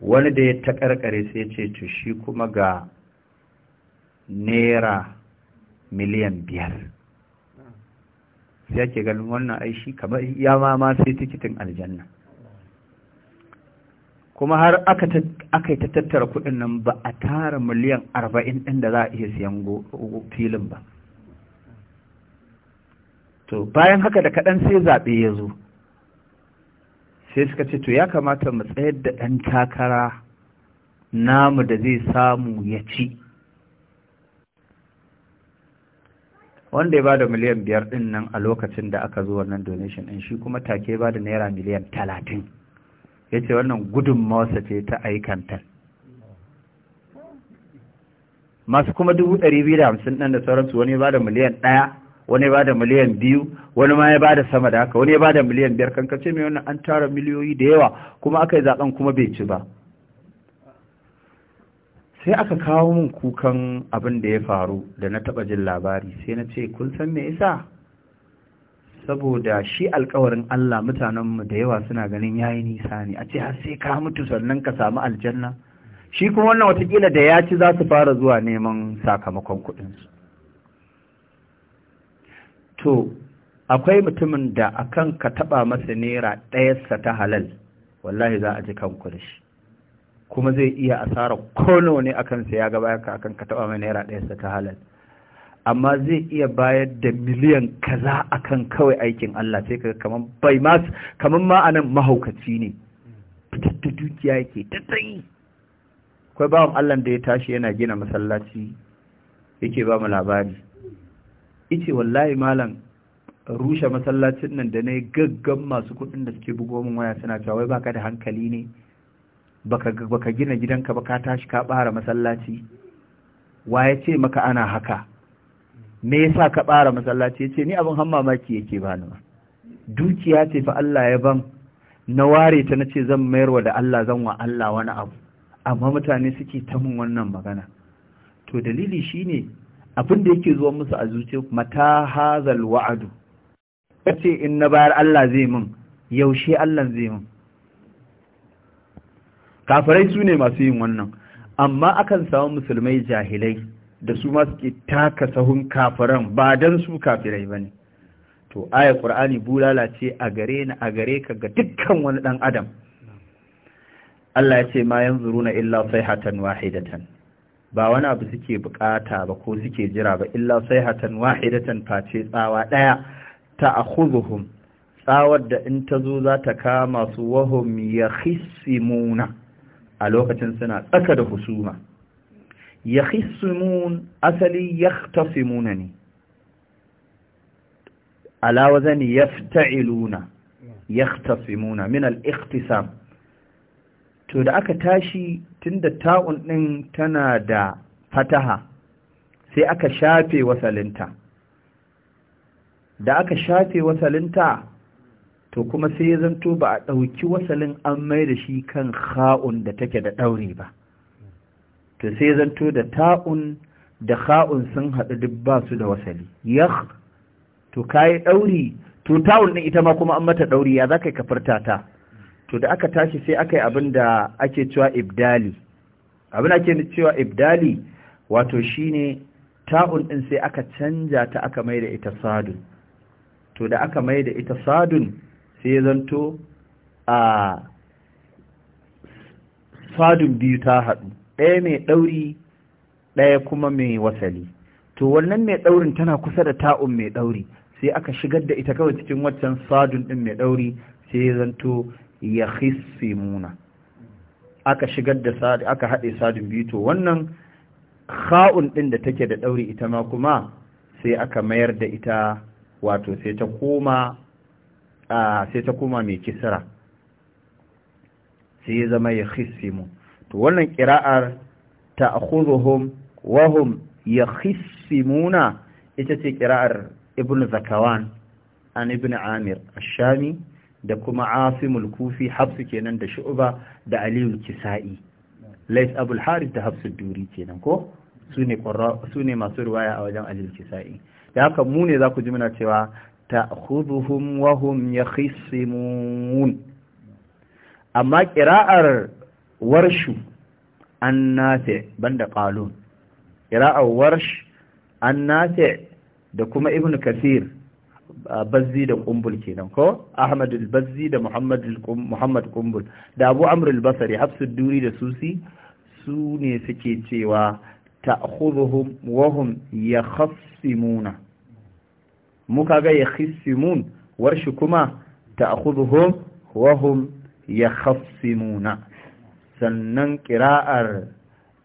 A: wani da ya taƙarƙare sai ce to shi kuma ga naira miliyan biyar sai ake ganin wannan aishi kamar ya ma sai tikitin aljanna kuma har aka yi ta tattara kuɗin nan ba a tara miliyan arba'in ɗin da za a iya siyan filin ba to bayan haka da kaɗan sai zaɓe ya zo sai suka ce to ya kamata mu tsayar da ɗan takara namu da zai samu ya ci wanda ya ba da miliyan biyar ɗin nan a lokacin da aka zo wannan donation ɗin shi kuma take ba da naira miliyan talatin ya ce wannan mawasa ce ta aikanta masu kuma dubu ɗari biyu da hamsin ɗan da sauransu wani ba da miliyan ɗaya wani ba da miliyan biyu wani ma ya ba da sama da haka wani ya ba da miliyan biyar kankace mai wannan an tara miliyoyi da yawa kuma aka yi zaɓen kuma bai ci ba sai aka kawo min kukan abin da ya faru da na taɓa jin labari sai na ce kun san me isa saboda shi alkawarin Allah mutanenmu da yawa suna ganin yayi nisa ne a ce har sai ka mutu sannan ka samu aljanna shi kuma wannan watakila da ya ci za su fara zuwa neman sakamakon kuɗinsu to akwai mutumin da akan ka taɓa masa naira ɗayarsa ta halal wallahi za a ji kan da kuma zai iya asara kono ne akan sa ya gaba ka akan ka taɓa mai naira ɗayarsa ta halal amma zai iya bayar da miliyan kaza akan kawai aikin Allah sai kaga kaman bai ma kaman ma anan mahaukaci ne fitattu dukiya yake ta tsayi akwai bawan Allah da ya tashi yana gina masallaci yake ba mu labari yace wallahi malam rushe masallacin nan da na gaggan masu kuɗin da suke bugo min waya suna cewa wai baka da hankali ne baka gina gidanka ba ka tashi ka bara masallaci Wa ya ce maka ana haka me yasa ka ɓara masallaci ce ni abin hammamaki yake bani dukiya ce fa Allah ya ban na ware ta nace zan mayar wa da Allah zan wa Allah wani abu amma mutane suke ta mun wannan magana to dalili shine abin da yake zuwa musu a zuciya mata hazal wa'adu kace in na bayar Allah zai min yaushe Allah zai min kafirai su ne masu yin wannan amma akan samu musulmai jahilai da su ma suke taka sahun kafiran ba dan su kafirai bane to aya qur'ani bulala ce a gare ni a gare ka ga dukkan wani dan adam Allah ya ce ma yanzuruna illa sayhatan wahidatan ba wani abu suke bukata ba ko suke jira ba illa sayhatan wahidatan face tsawa daya ta'khudhuhum tsawar da in ta zo za ta kama su wahum yakhisimuna a lokacin suna tsaka da husuma yakhisimun asali yaktasimuna ne ala wazan yafta'iluna yaktasimuna min al to da aka tashi tunda ta'un din tana da fataha sai aka shafe wasalinta da aka shafe wasalinta to kuma sai ya zanto ba a ɗauki wasalin an mai da shi kan kha'un da take da ɗauri ba to sai zanto da ta'un da kha'un sun haɗu duk ba su da wasali yakh to yi dauri to ta'un din ita ma kuma an mata ɗauri ya za ka furta ta to da aka tashi sai aka yi abin da ake cewa ibdali abin ake cewa ibdali wato shine ta'un ɗin sai aka canja ta aka mai da ita sadun to da aka mai da ita sadun sai zanto a sadun biyu ta haɗu ɗaya mai ɗauri ɗaya kuma mai wasali to wannan mai ɗaurin tana kusa da ta'un mai ɗauri sai aka shigar da ita kawai cikin waccan sadun ɗin mai ɗauri sai zanto ya muna aka shigar da sadun aka haɗe sadun biyu to wannan kha'un ɗin da take da ɗauri ita ma kuma sai aka mayar da ita wato sai ta koma sai ta koma mai kisra sai ya zama ya hisimu to wannan ƙira'ar ta'khuzuhum wa hum yakhissimuna ita ce ƙira'ar ibn zakawan an ibn amir ash-shami da kuma asimul kufi hafsu kenan da shu'ba da aliyu kisa'i lais abul harith da hafsu duri kenan ko su ne masu ruwaya a wajen aliyu kisa'i da haka mu ne za ku ji muna cewa ta'khuduhum wa hum yakhissimun amma ƙira'ar. warshu an da banda qalun a warsh an nafe da kuma ibnu kathir bazzi da ƙumbul kenan ko ahmad al-bazzi da muhammad ƙumbul da abu amr al hafsu duri da susi su ne suke cewa ta'khudhuhum wa ya yakhissimuna muka ga yakhissimun warshi kuma ta'khudhuhum wa ya yakhissimuna sannan ƙira'ar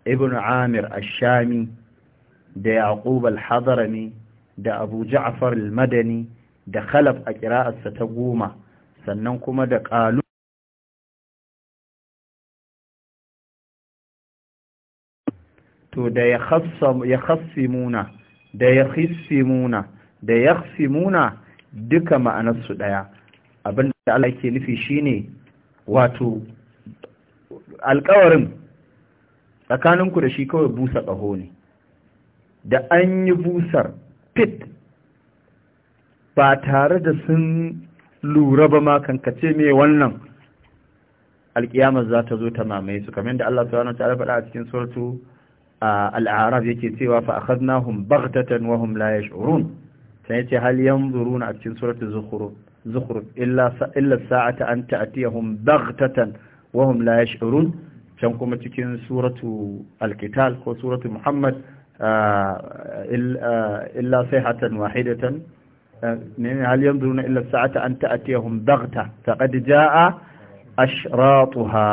A: ibn amir ashami da yaqub al-hadarami da abu ja'far al-madani da khalaf a ƙira'arsa ta goma sannan kuma da ƙalu to da ya da ya da ya duka ma'anarsu ɗaya abinda Allah ke nufi shine wato alkawarin tsakaninku da shi kawai busa ƙaho ne da an yi busar fit ba tare da sun lura ba ma kankace mai wannan alkiyamar za ta zo ta mamaye su kamar yadda Allah subhanahu wani tare faɗa a cikin sortu a al'arab yake cewa fa a akhadnahum baghtatan wa hum la yash'urun sai yace hal yanzuruna a cikin suratu zukhruf illa sa'ata an ta'tiyahum baghtatan wahum la yash'urun can kuma cikin suratu alkital ko suratu muhammad illa sayhatan wahidatan ne hal yanzuruna illa sa'ata an ta'tiyahum baghta faqad jaa ashratuha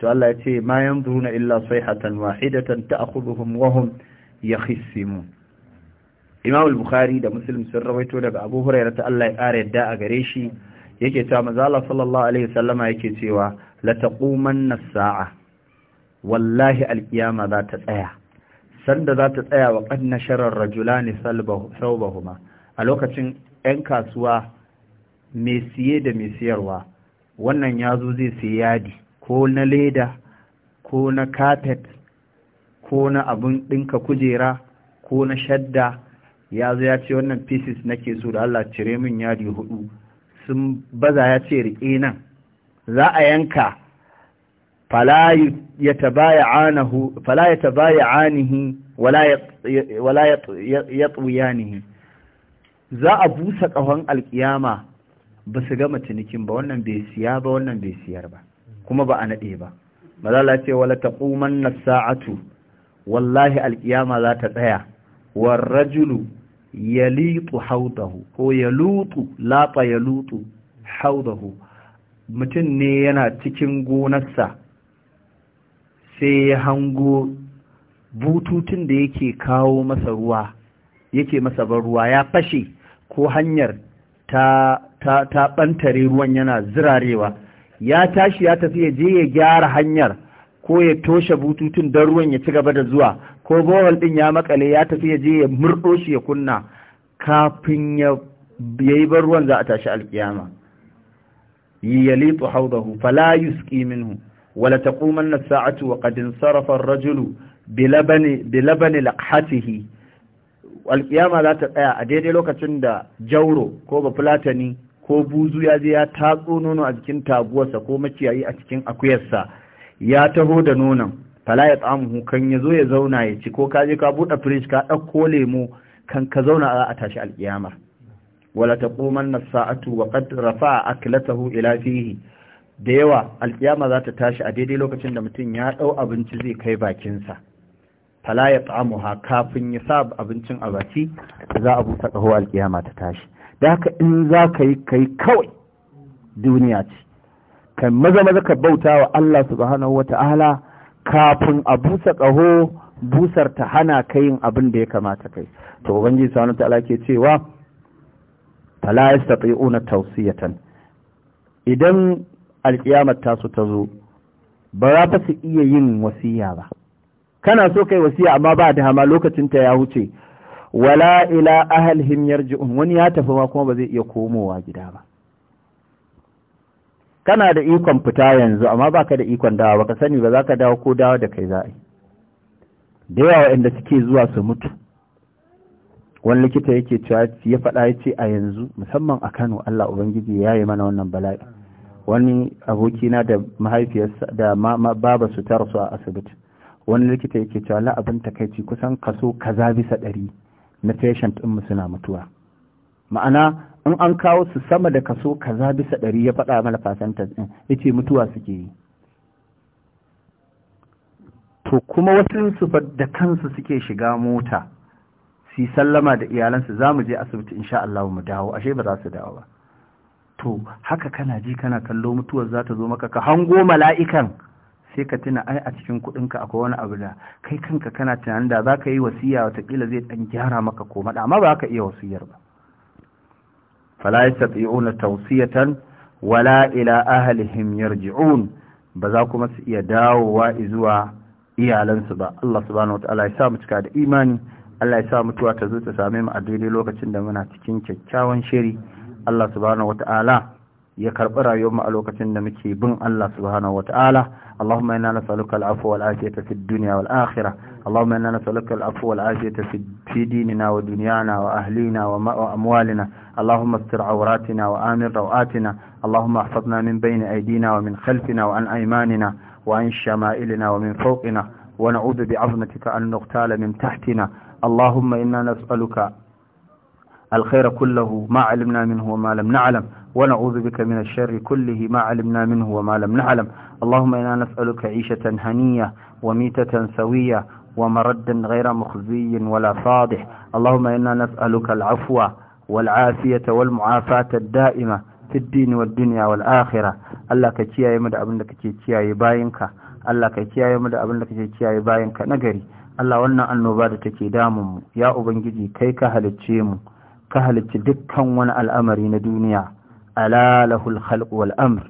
A: to Allah yace ma yanzuruna illa sayhatan wahidatan ta'khudhuhum wahum yakhissimun Imam al-Bukhari da Muslim sun rawaito daga Abu Hurairah ta Allah ya kare yadda a gare shi yake cewa manzo Allah sallallahu alaihi wasallama yake cewa la taquman sa'a wallahi alqiyama za ta tsaya sanda za ta tsaya wa qad sharar rajulani salbahuma a lokacin 'yan kasuwa mai siye da mai siyarwa wannan yazo zai sai yadi ko na leda ko na carpet ko na abun dinka kujera ko na shadda ya zo ya ce wannan pieces nake so da Allah cire min yadi hudu sun baza ya ce riƙe nan za a yanka fala ya tabaya anihi wala ya nihi za a busa ƙahon alƙiyama ba su gama cinikin ba wannan bai siya ba wannan bai siyar ba kuma ba a naɗe ba mazala ce wala na saatu wallahi alƙiyama za ta tsaya warrajulu yalitu haudahu ko yalutu lafa yalutu haudahu mutum ne yana cikin gonarsa sai ya hango bututun da yake kawo masa ruwa yake masa ban ruwa ya fashe ko hanyar ta ta ta bantare ruwan yana zirarewa ya tashi ya tafi ya je ya gyara hanyar ko ya toshe bututun don ruwan ya ci gaba da zuwa ko bohol ɗin ya makale ya tafi ya je ya murɗo shi ya kunna kafin ya yi bar ruwan za a tashi alkiyama yalitu haudahu fala yusqi minhu wala taqumanna as-sa'atu wa qad insarafa ar-rajulu bilabani bilabani laqhatihi alkiyama za ta tsaya a daidai lokacin da jauro ko platani ko buzu ya je ya tatso nono a jikin taguwarsa ko maciyayi a cikin akuyarsa ya taho da nonon fala ya tsamu kan ya zo ya zauna ya ci ko ka je ka buɗe firij ka ɗauko lemo kan ka zauna za a tashi alƙiyama wala ta na sa'atu wa qad rafa'a aklatahu ila fihi da yawa alƙiyama za ta tashi a daidai lokacin da mutum ya ɗau abinci zai kai bakinsa fala ya ha kafin ya sa abincin a baki za a busa ƙaho alƙiyama ta tashi da haka in za ka yi kai kawai duniya ce kan maza maza ka bauta wa Allah subhanahu wa ta'ala kafin a busa ƙaho busar ta hana ka yin abin da ya kamata kai to ubangiji subhanahu ta'ala ke cewa fala yastati'una tawsiyatan idan alƙiyamar ta su ta zo ba za ta su iya yin wasiya ba kana so kai wasiya amma ba da hama lokacin ta ya wuce wala ila ahlihim yarji'un wani ya tafi ma kuma ba zai iya komowa gida ba kana da ikon fita yanzu amma baka da ikon dawa ba ka sani ba zaka dawo ko dawo da kai za'a da yawa waɗanda suke zuwa su mutu wani likita yake cewa ya faɗa ya ce a yanzu musamman a Kano Allah ubangiji ya yi mana wannan bala'i wani abokina da mahaifiyarsa da baba su ta rasu a asibiti wani likita yake cewa la abin takaici kusan kaso kaza bisa ɗari na patient ɗin suna mutuwa ma'ana in an kawo su sama da kaso kaza bisa ɗari ya faɗa mana fasanta, ɗin ya ce mutuwa suke yi to kuma wasu su da kansu suke shiga mota su sallama da iyalansu za mu je asibiti insha Allah mu dawo ashe ba za su dawo ba to haka kana ji kana kallo mutuwar za ta zo maka ka hango mala'ikan sai ka tuna ai a cikin kuɗinka akwai wani abu da kai kanka kana tunanin da za ka yi wasiya watakila zai ɗan gyara maka ko maɗa amma ba ka iya wasiyar ba fala yastati'una tawsiyatan wala ila ahlihim yarji'un ba za kuma su iya dawowa zuwa iyalansu ba Allah subhanahu wataala ya sa mu cika da imani Allah ya sa mutuwa ta zo ta same mu a daidai lokacin da muna cikin kyakkyawan shiri Allah subhanahu wataala ya karɓi mu a lokacin da muke bin Allah subhanahu wa ta'ala Allahumma inna nas'aluka al'afwa wal afiyata fid duniya wal akhirah اللهم إنا نسألك العفو والعافية في ديننا ودنيانا وأهلينا وأموالنا اللهم استر عوراتنا وآمن روآتنا اللهم احفظنا من بين أيدينا ومن خلفنا وعن أيماننا وعن شمائلنا ومن فوقنا ونعوذ بعظمتك أن نغتال من تحتنا اللهم إنا نسألك الخير كله ما علمنا منه وما لم نعلم ونعوذ بك من الشر كله ما علمنا منه وما لم نعلم اللهم إنا نسألك عيشة هنية وميتة سوية ومرد غير مخزي ولا فاضح اللهم إنا نسألك العفو والعافية والمعافاة الدائمة في الدين والدنيا والآخرة الله كتيا يمد أبنك كتيا يباينك الله كتيا يمد أبنك كتيا يباينك نجري Allah wannan annoba da take damunmu ya ubangiji kai ka halicce mu ka halicci dukkan wani al'amari na duniya ala lahul khalq wal amr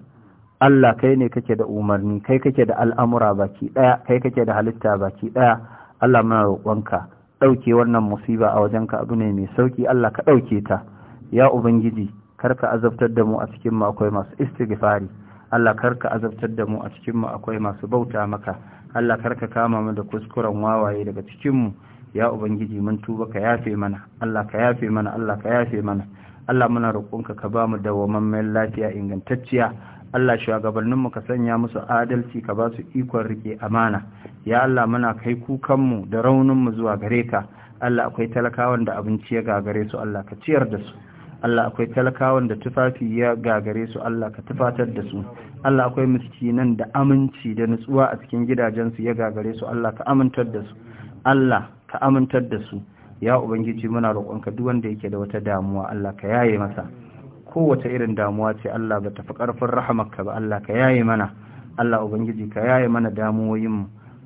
A: Allah kai ne kake da umarni kai kake da al'amura baki ɗaya kai kake da halitta baki ɗaya Allah muna roƙonka ɗauke wannan musiba a wajenka abu ne mai sauƙi Allah ka ɗauke ta ya ubangiji karka azabtar da mu a cikin mu akwai masu istighfari Allah karka azabtar da mu a cikin mu akwai masu bauta maka Allah karka kama mu da kuskuren wawaye daga cikin mu ya ubangiji mun tuba ka yafe mana Allah ka yafe mana Allah ka yafe mana Allah muna roƙonka ka ba mu dawamammen lafiya ingantacciya Allah shugabanninmu ka sanya musu adalci ka ba su ikon rike amana ya Allah muna kai kukanmu da rauninmu zuwa gare ka Allah akwai talakawan da abinci ya gagare su Allah ka ciyar da su Allah akwai talakawan da tufafi ya gagare su Allah ka tufatar da su Allah akwai miskinan da aminci da nutsuwa a cikin gidajensu ya gagare su Allah ka amintar da su Allah ka amintar da su ya ubangiji muna roƙonka duk wanda yake da wata damuwa Allah ka yaye masa kowace irin damuwa ce Allah ba tafi ƙarfin rahamarka ba Allah ka yaye mana Allah ubangiji ka yaye mana mu.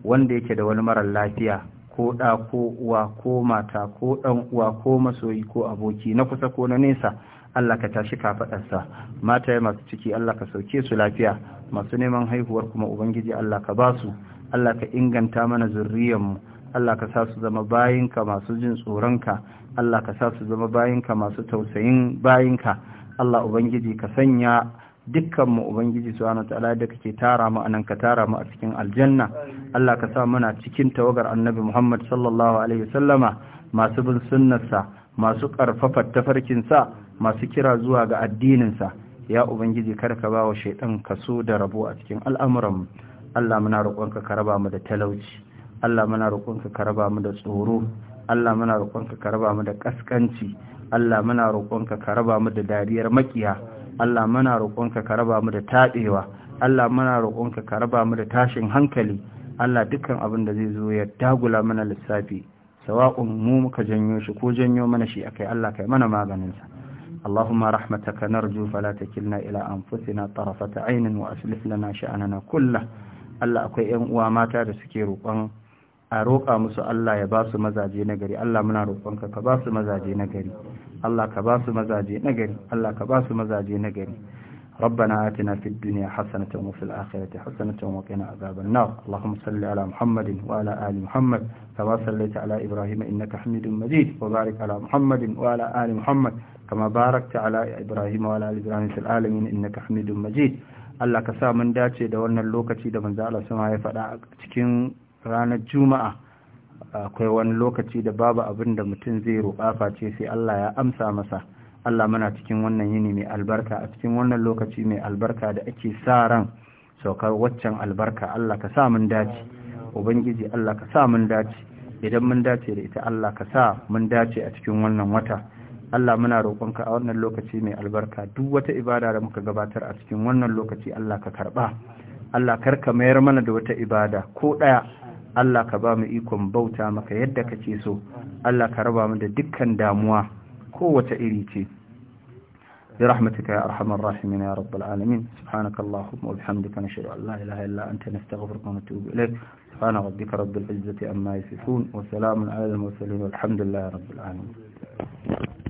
A: wanda yake da wani marar lafiya ko ɗa ko uwa ko mata ko ɗan uwa ko masoyi ko aboki na kusa ko na nesa Allah ka tashi kafaɗarsa mata ya masu ciki Allah ka sauke su lafiya masu neman haihuwar kuma ubangiji Allah ka ba su Allah ka inganta mana zurriyarmu Allah ka sa su zama bayinka masu jin tsoronka Allah ka sa su zama bayinka masu tausayin bayinka Allah Ubangiji ka sanya dukkanmu Ubangiji subhanahu ta'ala da kake tara mu anan ka tara mu a cikin aljanna Allah ka sa muna cikin tawagar Annabi Muhammad sallallahu alaihi wasallama masu bin sunnarsa masu karfafa tafarkinsa masu kira zuwa ga addinin sa ya Ubangiji karka ba wa shaidan kaso da rabo a cikin al'amuran Allah muna roƙonka ka raba mu da talauci Allah muna roƙonka ka raba mu da tsoro Allah muna roƙonka ka raba mu da kaskanci Allah muna roƙonka ka raba mu da dariyar makiya Allah muna roƙonka ka raba mu da taɗewa Allah muna roƙonka ka raba mu da tashin hankali Allah dukkan abin da zai zo ya dagula mana lissafi sawa'un mu muka janyo shi ko janyo mana shi akai Allah kai mana maganinsa اللهم رحمتك نرجو فلا تكلنا إلى أنفسنا طرفة عين وأسلف لنا شأننا كله Allah akwai ‘yan uwa mata da suke roƙon a roƙa musu Allah ya ba su mazaje na gari, Allah muna roƙonka ka ba su mazaje na gari, Allah ka ba su mazaje na gari Allah ka ba su mazaje na gari rabbana atina fid dunya hasanatan wa fil akhirati hasanatan wa qina azaban nar allahumma salli ala muhammadin wa ala ali muhammad kama sallaita ala ibrahim innaka hamidum majid wa barik ala muhammadin wa ali muhammad kama barakta ala ibrahim wa ala ali ibrahim fil alamin innaka hamidum majid allah ka sa mun dace da wannan lokaci da manzo allah sama ya faɗa cikin ranar juma'a akwai wani lokaci da babu abin da mutum zai roƙa face sai Allah ya amsa masa Allah muna cikin wannan yini mai albarka a cikin wannan lokaci mai albarka da ake sa ran saukar waccan albarka Allah ka sa mun dace ubangiji Allah ka sa mun dace idan mun dace da ita Allah ka sa mun dace a cikin wannan wata Allah muna roƙonka a wannan lokaci mai albarka duk wata ibada da muka gabatar a cikin wannan lokaci Allah ka karba Allah karka mayar mana da wata ibada ko ɗaya. Allah ka ba mu ikon bauta maka yadda kake so Allah ka raba mu da dukkan damuwa kowace iri ce bi rahmatika ya arhamar rahimin ya rabbal alamin subhanaka allahumma wa bihamdika nashhadu an la ilaha illa anta nastaghfiruka wa natubu ilayk subhana rabbika rabbil izzati amma yasifun wa salamun ala al mursalin walhamdulillahi rabbil alamin